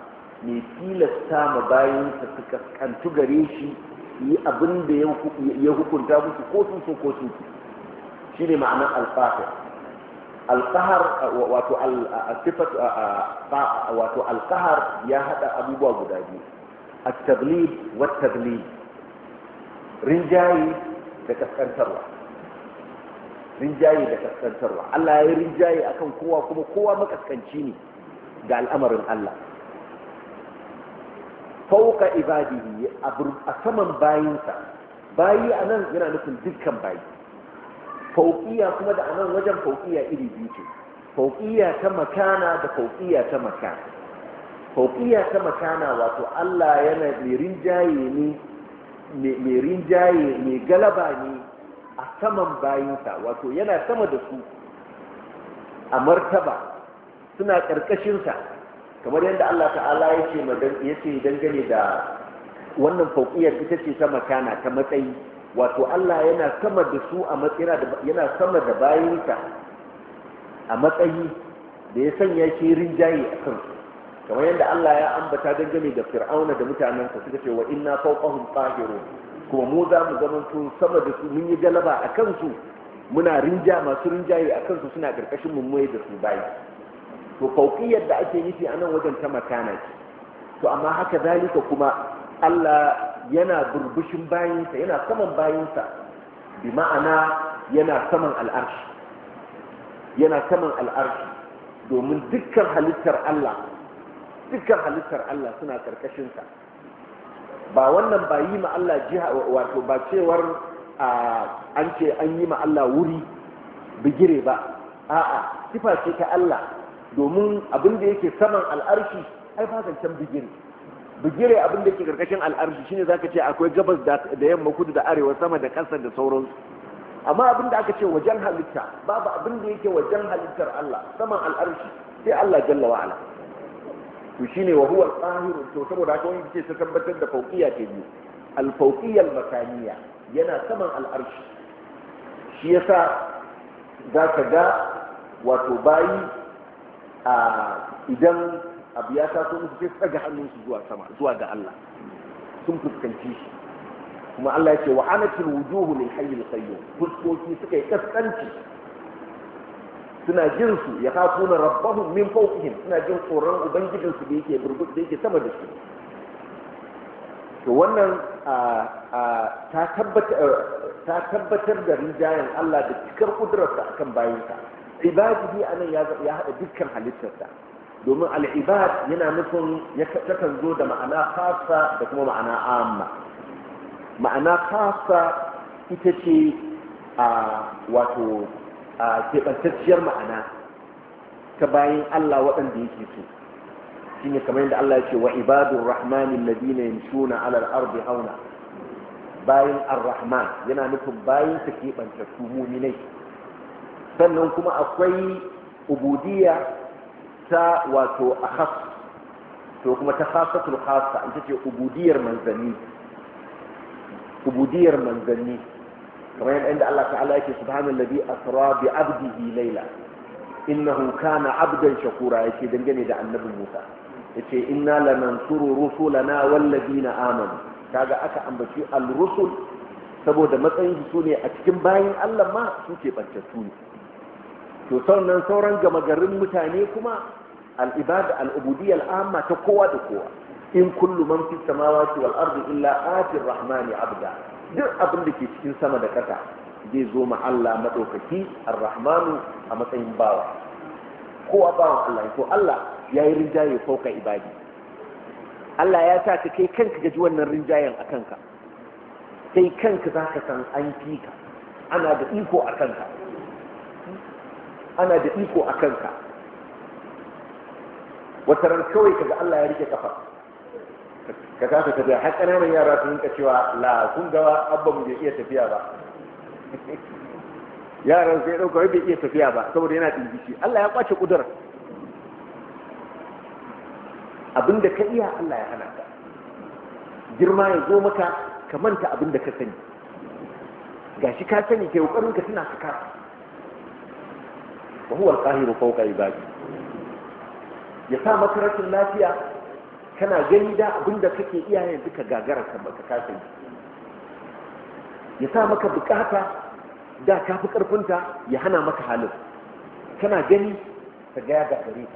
Speaker 1: mai tilasta ma bayansa su kaskantu gare shi yi abin da ya hukunta musu ko sun so ko sun ki shi ne ma'anar alfahar alfahar wato wato alfahar ya haɗa abubuwa guda biyu التغليب والتغليب rinjaye da kaskantarwa rinjaye da kaskantarwa Allah ya yi rinjaye akan kowa kuma kowa makaskanci ne ga al'amarin Allah fauka ibadihi a saman bayinsa bayi a nan yana nufin dukkan bayi fauƙiya kuma da anan wajen fauƙiya iri biyu ce fauƙiya ta makana da fauƙiya ta makana fauƙiya ta makana wato Allah yana mai rinjaye ne mai rinjaye mai galaba ne a saman bayinsa wato yana sama da su a martaba suna ƙarƙashinsa kamar yadda Allah ta'ala ya ce dangane da wannan fauƙiyar ita ce ta makana ta matsayi wato Allah yana sama da su a matsira yana sama da a matsayi da ya sanya shi rinjaye a su, kamar yadda Allah ya ambata dangane da fir'auna da mutanensa suka ce wa inna fawqahum qahirun kuma mu za mu zama su sama da su mun yi galaba a kansu muna rinja masu rinjaye a kansu suna ƙarƙashin mu da su bayi to fauqiyar da ake nufi a nan wajen ta makana ce to amma haka zalika kuma Allah yana burbushin bayinsa yana saman bayinsa bi ma'ana yana saman al'arshi yana saman al'arshi domin dukkan halittar Allah dukkan halittar Allah suna ƙarƙashinsa. ba wannan ba yi ma Allah jiha wato ba cewar an ce an yi ma Allah wuri bigire ba a'a sifa ce ta Allah domin abin da yake saman al'arshi ai ba zancen bigire bigire abin da yake karkashin al'arshi shine zaka ce akwai gabas da yamma kudu da arewa sama da ƙasa da sauran amma abin da aka ce wajen halitta babu abin da yake wajen halittar Allah saman al'arshi sai Allah jalla wa ala to shine wa huwa al-qahir to saboda haka wani ke ta tabbatar da fauqiyya ke biyu al-fauqiyya al-makaniyya yana saman al'arshi shi yasa zaka ga wato bayi idan abu ya taso musu sai tsaga hannunsu zuwa sama zuwa ga Allah sun fuskanci shi kuma Allah ya ce wa anatil wujuhu lil hayyil qayyum fuskoki suka yi kaskanci suna jin su ya kafuna rabbahum min fawqihim suna jin tsoron ubangijin su da yake burgut da yake sama da su to wannan ta tabbatar da rijayen Allah da cikar kudrarsa akan bayinsa ibadihi anan ya ya haɗa dukkan halittarsa domin al'ibad yana nufin ya takan zo da ma'ana khassa da kuma ma'ana amma ma'ana khassa ita ce a wato a keɓantacciyar ma'ana ta bayan Allah waɗanda yake so shi ne kamar yadda Allah ya ce wa ibadun rahmanin ladina yamshuna alal ardi hauna bayan ar-rahman yana nufin bayan ta keɓanta su muminai sannan kuma akwai ubudiyya ta wato akhas to kuma ta khasatul khassa ita ce ubudiyar manzanni ubudiyar manzanni kamar yadda inda Allah ta'ala yake subhanallazi asra bi abdihi layla innahu kana abdan shakura yake dangane da annabi Musa yace inna lanansuru rusulana wallazina amanu kaga aka ambaci al-rusul saboda matsayin su ne a cikin bayin Allah ma su ke su ne to nan sauran gama garin mutane kuma al'ibada al'ubudiyya al'amma ta kowa da kowa in kullu man fi samawati wal ardi illa ati rahmani abda duk abin da ke cikin sama da ƙasa zai zo ma Allah madaukaki ar-rahmanu a matsayin bawa kowa bawa Allah to Allah ya yi rinjaye fauka ibadi Allah ya sa ka kai kanka gaji wannan rinjayen a kanka kai kanka za ka san an fi ka ana da iko a kanka ana da iko a kanka wata ran kawai kaga Allah ya rike kafa ka kasa tafiya har ƙananan yara sun ka cewa la kun gawa abba mu bai iya tafiya ba yaran sai dauka bai iya tafiya ba saboda yana ɗingishi Allah ya kwace ƙudurar abinda ka iya Allah ya hana ka girma ya zo maka ka manta abinda ka sani gashi ka sani kai kokarin ka tana ka wa huwa al-qahiru fawqa ibadi ya sa maka rashin lafiya kana gani da abinda kake iyayen duka ka gagara ka maka kasin ya sa maka bukata da ka fi karfinta ya hana maka halin kana gani ta ga ya gagare ka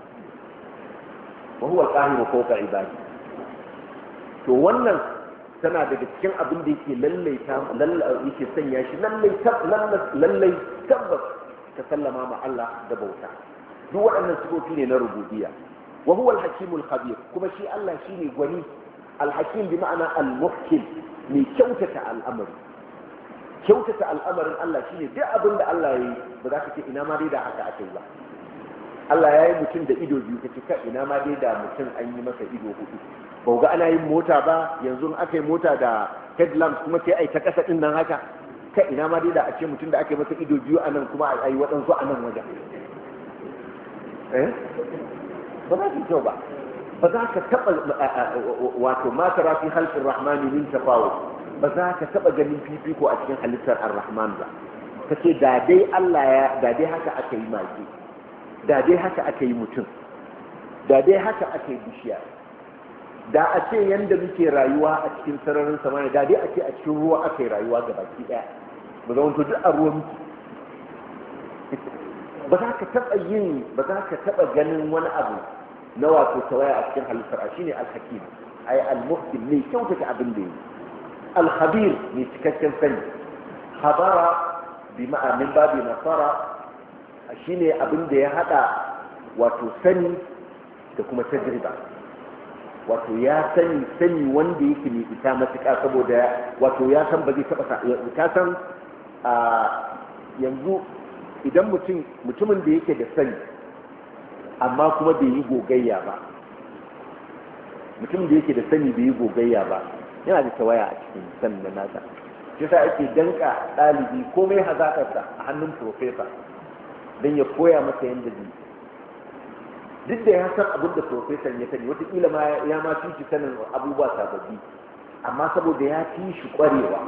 Speaker 1: wa huwa al-qahiru fawqa ibadi to wannan tana daga cikin abin da yake lallai yake sanya shi lallai lallai tabbas ta sallama ma Allah da bauta duk waɗannan sifofi ne na rububiyya wa huwa al al khabir kuma shi Allah shine gwani al-hakim bi ma'ana al-muhkim mai kyautata al'amari kyautata al'amarin Allah shine duk abin da Allah yayi ba za ka ce ina ma dai da haka ake ba Allah ya yi mutum da ido biyu ka ka ina ma dai da mutum an yi masa ido hudu ba ga ana yin mota ba yanzu aka yi mota da headlamps kuma sai ai ta kasa din nan haka ka ina ma dai da a ce mutum da ake masa ido biyu a nan kuma a yi waɗansu a nan wajen eh? ba za su kyau ba ba za ka taɓa wato mata rafi halittar Rahmanu rahmani min tafawo ba za ka taɓa ganin fifiko a cikin halittar ar-rahman ba ka ce da dai Allah ya da dai haka aka yi mage da dai haka aka yi mutum da dai haka aka yi bishiya da a ce yadda muke rayuwa a cikin sararin samaniya da dai a ce a cikin ruwa aka yi rayuwa ga baki ɗaya ba zama to duk a ruwa miki ba za ka taɓa yin ba za ka taɓa ganin wani abu na wato tawaya a cikin halittar a shine alhakim ai almuhsin mai kyautata abin da yi alhabir mai cikakken sani habara bi ma'anin babi nasara a shine abin da ya hada wato sani da kuma tajriba wato ya sani sani wanda yake mai isa matuƙa saboda wato ya san ba zai taɓa ka san a yanzu idan mutum mutumin da yake da sani amma kuma bai yi gogayya ba mutumin da yake da sani bai yi gogayya ba yana da tawaya a cikin sanin da nasa shi sa ake danka ɗalibi komai hazaƙarsa a hannun profesa don ya koya masa yadda zai duk da ya san abin da profesan ya sani wataƙila ma ya ma fi sanin abubuwa sababbi amma saboda ya fi shi ƙwarewa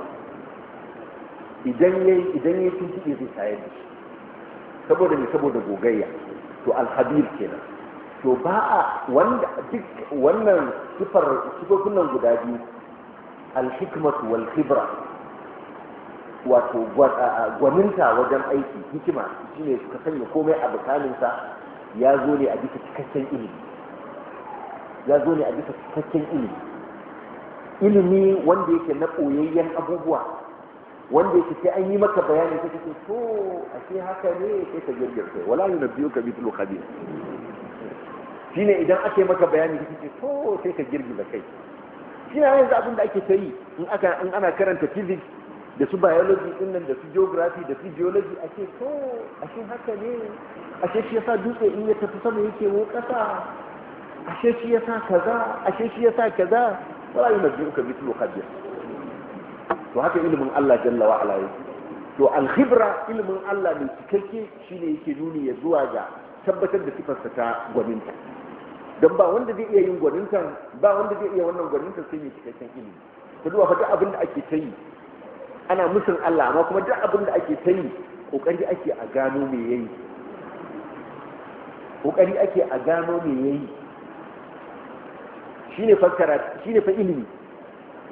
Speaker 1: idan ya yi idan ya tuntuɓe zai da shi saboda ne saboda gogayya to alhabir kenan to ba a wanda duk wannan sifar sifofinan guda biyu alhikmatu wal khibra wato gwaninta wajen aiki hikima shine suka sanya komai a bukalinsa ya zo ne a bisa cikakken ilimi ya zo ne a bisa cikakken ilimi ilimi wanda yake na ɓoyayyen abubuwa wanda yake sai an yi maka bayani kake ce to ashe haka ne sai ka girgirce wala yunabbiuka mithlu khabir shine idan ake maka bayani kake ce to sai ka girgiza kai shine yanzu abin da ake ta in aka in ana karanta physics da su biology din nan da su geography da su geology ake to ashe haka ne ashe shi yasa dutse in ya tafi sama yake wo kasa ashe shi yasa kaza ashe shi yasa kaza wala yunabbiuka mithlu khabir to haka ilimin Allah jalla wa ala yake to alkhibra ilimin Allah mai cikakke shine yake nuni ya zuwa ga tabbatar da sifarsa ta gwaninta don ba wanda zai iya yin gwaninta ba wanda zai iya wannan gwaninta sai ne cikakken ilimi to duba duk abin da ake ta yi ana musun Allah amma kuma duk abin da ake ta yi kokari ake a gano me yayi kokari ake a gano me yayi shine fakkara shine fa ilimi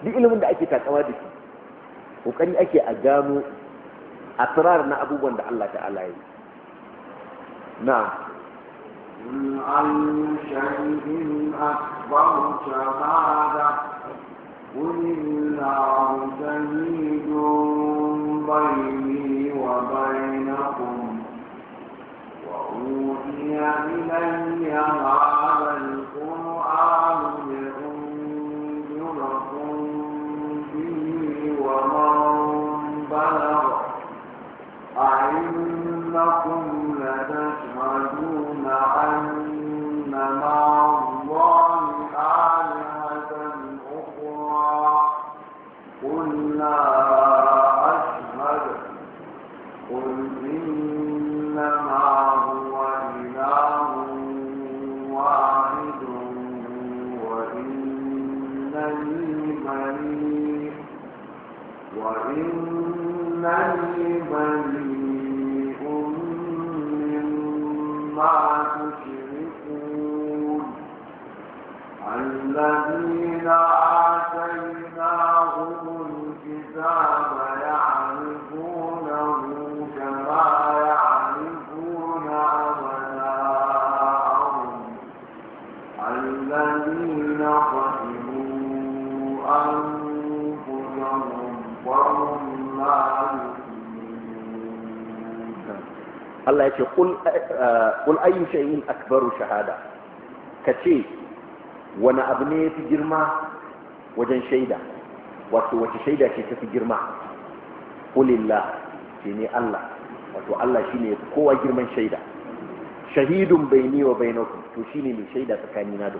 Speaker 1: duk ilimin da ake takawa da shi kokari ake a gano a tsirar na abubuwan da Allah ta'ala yi na
Speaker 3: وأوحي
Speaker 2: إلي هذا القرآن بلغ أئنكم لتشهدون أن مع الله آلهة أخرى قل أشهد قل إنما هو إله واحد وإنني بريء وإنني بريء مما تشركون الذين
Speaker 1: Allah ya ce ƙul ayyu shay'in akbaru shahada ka ce wani abu ne ya fi girma wajen shaida wato wace shaida ce ta fi girma kulillah shi ne Allah wato Allah shi ne kowa girman shaida shahidun baini wa bainakum to shine mai shaida tsakani na ku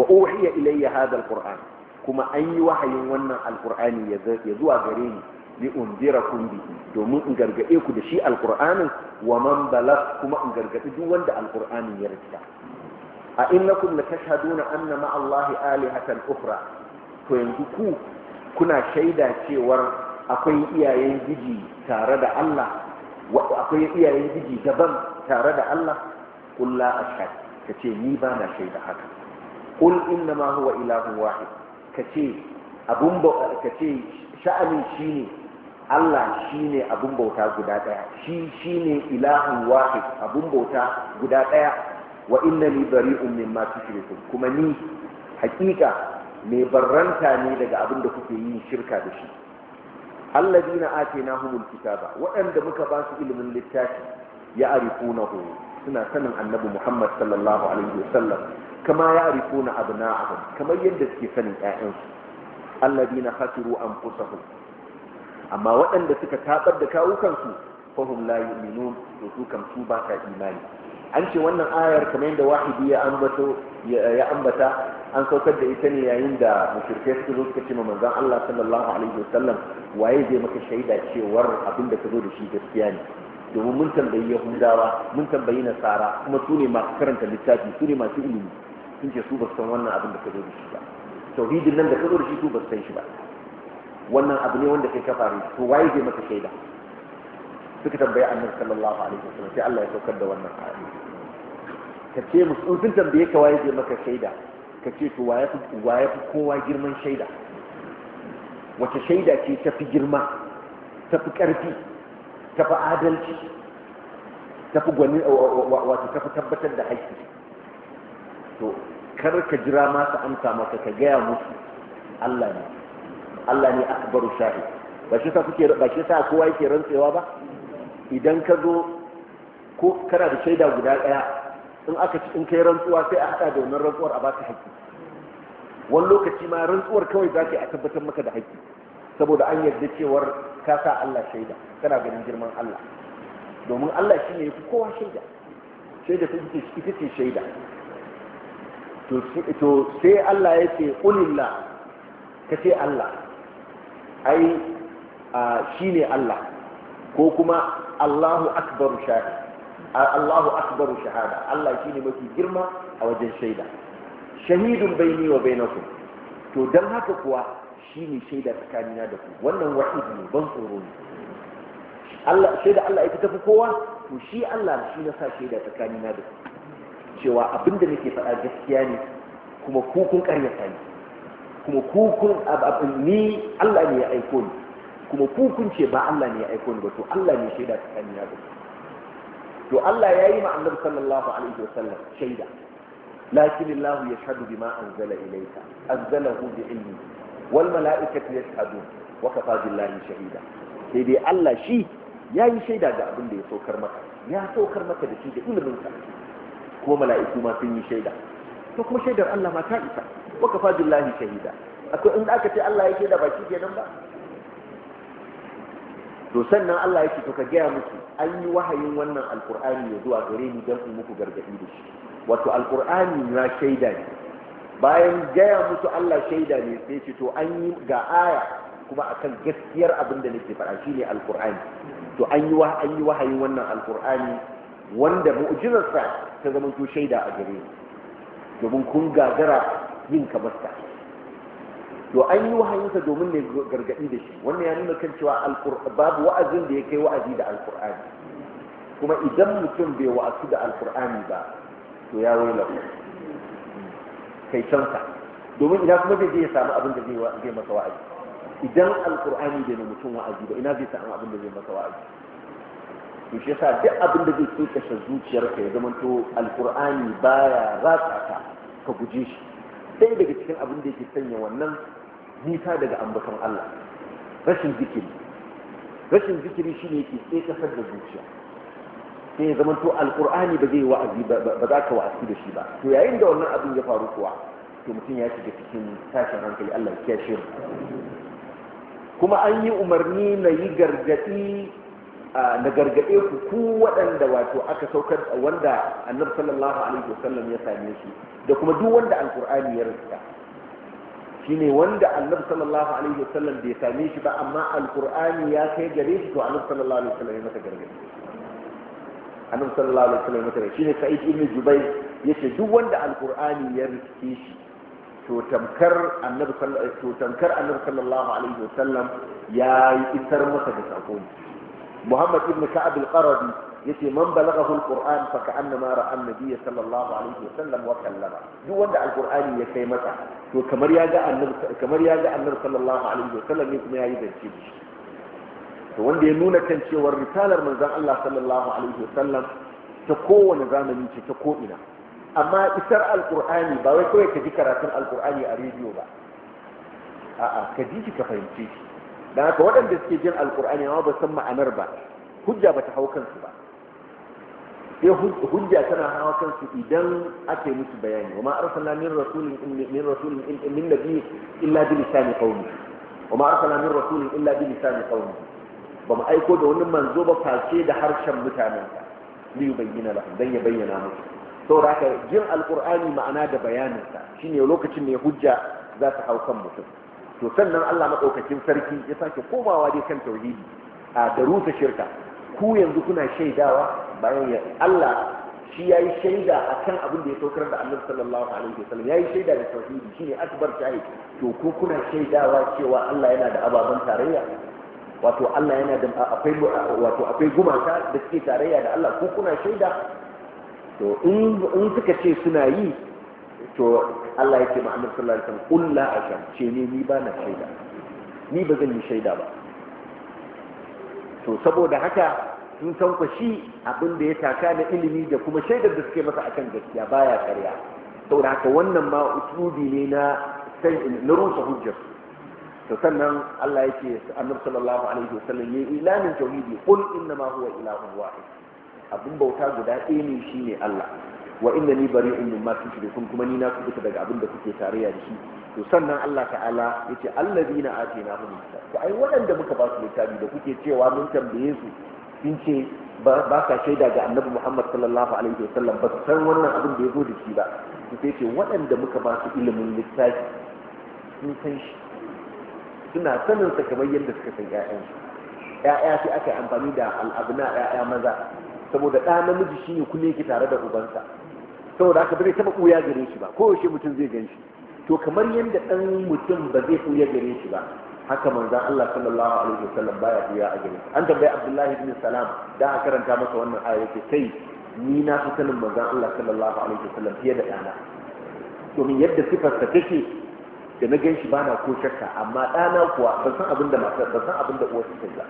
Speaker 1: wa uhiya ilayya hadha alquran kuma an yi wahayin wannan alqur'ani ya zuwa gare ni li unzirakum bihi domin in gargade ku da shi alqur'anin wa man balag kuma in gargade duk wanda alqur'anin ya rikita a innakum latashhaduna anna ma'a allahi alihatan ukhra to yanzu ku kuna shaida cewar akwai iyayen giji tare da Allah Wa akwai iyayen giji daban tare da Allah qul la ashhad kace ni ba na shaida haka qul inna ma huwa ilahu wahid kace abun ba kace sha'anin shine Allah shi ne abin bauta guda ɗaya shi shi ne ilahun wahid abin bauta guda ɗaya wa inna ni bari'un mimma tushrikun kuma ni hakika mai barranta ne daga abin da kuke yin shirka da shi alladina atainahumul kitaba waɗanda muka ba su ilimin littafi ya arifunahu suna sanin annabi Muhammad sallallahu alaihi wasallam kama ya arifuna abna'ahum kamar yadda suke sanin ƴaƴansu alladina khasiru anfusahum amma waɗanda suka tabar da kawukansu fahim la yu'minun to su kam su ba ka imani an ce wannan ayar kamar yadda wahidi ya ambato ya ambata an saukar da ita ne yayin da mushrike suka zo suka ce ma manzon Allah sallallahu alaihi wasallam waye zai maka shaida cewar abin da ka zo da shi gaskiya ne domin mun tambayi yahudawa mun tambayi nasara kuma su ne masu karanta littafi su ne masu ilimi sun ce su ba san wannan abin da ka zo da shi ba tauhidin nan da ka zo da shi su ba san shi ba wannan abu ne wanda kai ka faru to waye zai maka shaida suka tambaye annabi sallallahu alaihi wasallam sai Allah ya saukar da wannan ayat ka ce musu in sun tambaye ka waye zai maka shaida ka ce to waye fi waye fi kowa girman shaida wace shaida ce ta fi girma ta fi ƙarfi ta fi adalci ta fi gwani wato ta fi tabbatar da haƙƙi to kar ka jira masu amsa maka ka gaya musu Allah ne Allah ne akbaru shahi ba shi sa kuke ba shi sa kowa yake rantsewa ba idan ka zo ko kana da shaida guda daya in aka ci in kai rantsuwa sai a hada da wannan rantsuwar a baka haƙƙi wani lokaci ma rantsuwar kawai za ka a tabbatar maka da haƙƙi saboda an yarda cewar ka sa Allah shaida kana ganin girman Allah domin Allah shi ne ya fi kowa shaida shaida ta ita ce shaida to sai Allah ya ce ulillah ka ce Allah ai shi ne Allah ko kuma Allahu akbaru shahada Allahu akbaru shahada Allah shi ne mafi girma a wajen shaida shahidun baini wa bainakum to dan haka kuwa shi ne shaida tsakanina da ku wannan wahidi ne ban tsoro ne Allah shaida Allah ita tafi kowa to shi Allah shi na sa shaida tsakanina da ku cewa abinda nake faɗa gaskiya ne kuma ku kun ƙaryata ni kuma kukun ni Allah ne ya aiko ni kuma kukun ce ba Allah ne ya aiko ni ba to Allah ne shaida ta na da to Allah ya yi ma sallallahu alaihi wa sallam shaida lakin Allah ya shahadu bima anzala ilayka anzalahu bi ilmi wal mala'ikatu yashhadu wa kafa billahi shahida sai dai Allah shi ya yi shaida ga abin da ya saukar maka ya saukar maka da shi da ilimin ka ko mala'iku ma sun yi shaida to kuma shaidar Allah ma ta isa waka fa billahi shahida akwai in aka ce Allah yake da baki kenan ba to sannan Allah yake to ka gaya muku an yi wahayin wannan alqur'ani ya zuwa gare ni dan muku gargadi da shi wato alqur'ani na shaida ne bayan gaya musu Allah shaida ne sai ce to an yi ga aya kuma akan gaskiyar abin da nake faɗa shine alqur'ani to an yi an yi wahayin wannan alqur'ani wanda mu'jizarsa ta zama to shaida a gare ni domin kun gagara yin kamar ta, to an yi wahayinsa domin ne gargaɗi da shi wannan ya nuna kan cewa babu wa'azin da ya kai wa'azi da alkur'ani kuma idan mutum bai wa'azi da alkur'ani ba to ya waila kai cansa domin ina kuma zai je ya samu abin da zai masa wa'azi idan alkur'ani bai na mutum wa'azi ba ina zai samu abin da zai masa wa'azi to shi yasa duk abin da zai kashe zuciyarka ya zama to alkur'ani baya ratsa ka ka guje shi ɗaya daga cikin abin da yake sanya wannan nisa daga ambaton Allah rashin zikiri rashin zikiri shine yake tsekasar da zuciya sai ya zamanto alkur'ani ba zai wa'azi ba za ka wa'azi da shi ba to yayin da wannan abin ya faru kuwa to mutum ya shiga cikin tashin hankali Allah ya kiyashe kuma an yi umarni na yi gargadi na gargaɗe ku ku waɗanda wato aka saukar wanda annabi sallallahu alaihi wasallam ya same shi da kuma duk wanda alqur'ani ya rubuta shine wanda annabi sallallahu alaihi wasallam bai same shi ba amma alqur'ani ya kai gare shi to annabi sallallahu alaihi wasallam ya mata gargaɗe annabi sallallahu alaihi wasallam ya mata shine sa'id ibn jubair yace duk wanda alqur'ani ya rubuce shi to tamkar annabi sallallahu alaihi wasallam ya isar masa da sako ne muhammad ibn ka'ab al-qarabi yace man balaghahu al-qur'an fa ka'annama ra'a an-nabiy sallallahu alaihi sallam wa kallama duk wanda al-qur'ani ya kai mata, to kamar ya ga annabi kamar ya ga annabi sallallahu alaihi wasallam ne kuma yayi zance da shi to wanda ya nuna kan cewar risalar manzon Allah sallallahu alaihi wa sallam ta kowane zamani ce ta ko amma isar alkur'ani ba wai kawai ka ji karatun alkur'ani a rediyo ba a'a ka ji shi ka fahimce shi da haka waɗanda suke jin alkur'ani amma ba san ma'anar ba hujja ba ta hau kansu ba sai hujja tana hawa kansu idan ake musu bayani wa ma arsalna min rasulin min rasulin min nabi illa bi lisani qawmi wa ma arsalna min illa bi lisani qawmi ba mu aiko da wani manzo ba face da harshen mutanen ka li yubayyana lahum dan ya bayyana musu saboda haka jin alqur'ani ma'ana da bayanin sa shine lokacin ne hujja za ta hau kan mutum to sannan Allah madaukakin sarki ya sake komawa dai kan tauhidi a da shirka ku yanzu kuna shaidawa bayan ya Allah shi yayi shaida akan abin da ya saukar da Annabi sallallahu alaihi wasallam yayi shaida da tauhidi shine akbar shahid to ku kuna shaidawa cewa Allah yana da ababan tarayya wato Allah yana da akwai wato akwai gumaka da suke tarayya da Allah ko kuna shaida to in in suka ce suna yi to Allah yake ma annabi sallallahu alaihi wasallam qul la ce ne ni ba na shaida ni ba zan yi shaida ba to saboda haka sun san ku shi abin da ya taka na ilimi da kuma shaidar da suke masa akan gaskiya baya ƙarya saboda haka wannan ma usubi ne na na rusa hujjar to sannan Allah yake annabi sallallahu alaihi wasallam yayi ilanin tauhidi qul inna ma huwa ilahun wahid abin bauta guda ɗaya ne shine Allah wa inna ni bari mimma tushrikun kuma ni na kubuta daga abin da kuke tarayya da shi to sannan Allah ta'ala yace allazina atina hum to ai waɗanda muka ba su littafi da kuke cewa mun tambaye su sun ce ba sa shaida ga annabi Muhammad sallallahu alaihi wasallam ba san wannan abin da yazo da shi ba to sai ce waɗanda muka ba su ilimin littafi sun san shi suna sanin sa kamar yadda suka san su ƴaƴa sai aka yi amfani da al'abna 'ya'ya maza saboda ɗa namiji shi ne kullum yake tare da ubansa saboda haka bai taba ɓuya gare shi ba koyaushe mutum zai gan shi to kamar yadda ɗan mutum ba zai ɓuya gare shi ba haka manzan Allah sallallahu alaihi wasallam baya ɓuya a gare shi an tambayi Abdullahi ibn Salam da aka karanta masa wannan aya yake kai ni na fi sanin manzan Allah sallallahu alaihi wasallam fiye da ɗana domin yadda ta take da na gan shi ba na ko shakka amma ɗana kuwa ban san abin da matar ban san abin da uwar su ba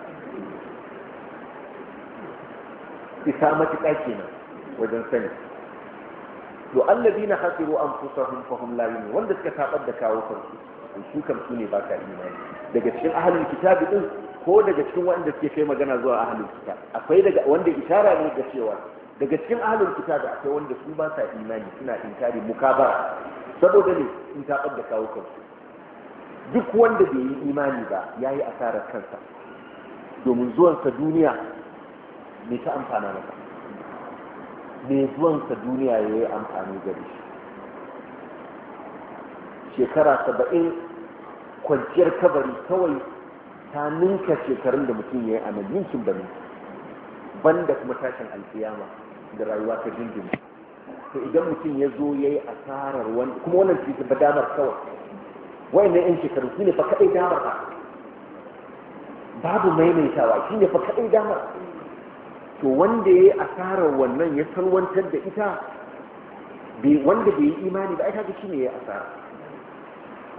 Speaker 1: isa matuƙa kenan wajen sani to allazina hasiru anfusahum hum la yu'minun wanda suka tabar da kawo kansu su kam su ne ba ka imani daga cikin ahlul kitabi din ko daga cikin wanda suke kai magana zuwa ahlul kitab akwai daga wanda isharar ne ga cewa daga cikin ahlul kitab akwai wanda su ba sa imani suna inkari mukabara saboda ne in tabar da kawo kansu duk wanda bai yi imani ba yayi asarar kansa domin zuwansa duniya ne ta amfana masa mai zuwansa duniya ya yi amfani da shi shekara saba'in kwanciyar kabari kawai ta ninka shekarun da mutum ya yi a najinkin bane da kuma tashin alfiyama da rayuwa ta jirgin to idan mutum ya zo ya yi asarar wani kuma wannan ce ta damar kawai na yan shekaru shi ne fa kaɗai damar ba? babu maimaitawa shi ne fa kaɗai damar to wanda ya yi asarar wannan ya salwantar da ita wanda bai yi imani ba ai kaga shi ne ya asara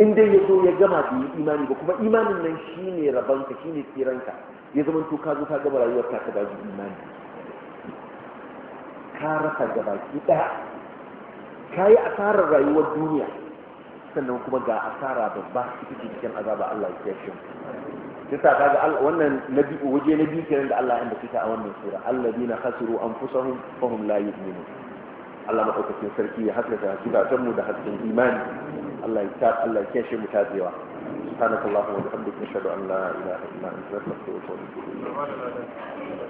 Speaker 1: in dai ya zo ya gama bai yi imani ba kuma imanin nan shi ne rabanka shi ne tsiranka ya zama to ka zo ka gama rayuwar ka ba ji imani ka rasa gaba ki ɗaya ka yi asarar rayuwar duniya sannan kuma ga asara babba ita cikin azaba Allah ya kiyaye yasa kaga wannan nabi waje na biyu kenan da Allah ya ambata a wannan sura alladina khasiru anfusahum fahum la yu'minun Allah madaukakin sarki ya haskaka zukatan mu da hasken imani Allah ya ta Allah ya kashe mu tabewa subhanakallahumma wa bihamdika ashhadu an la ilaha illa anta astaghfiruka wa atubu
Speaker 3: ilayk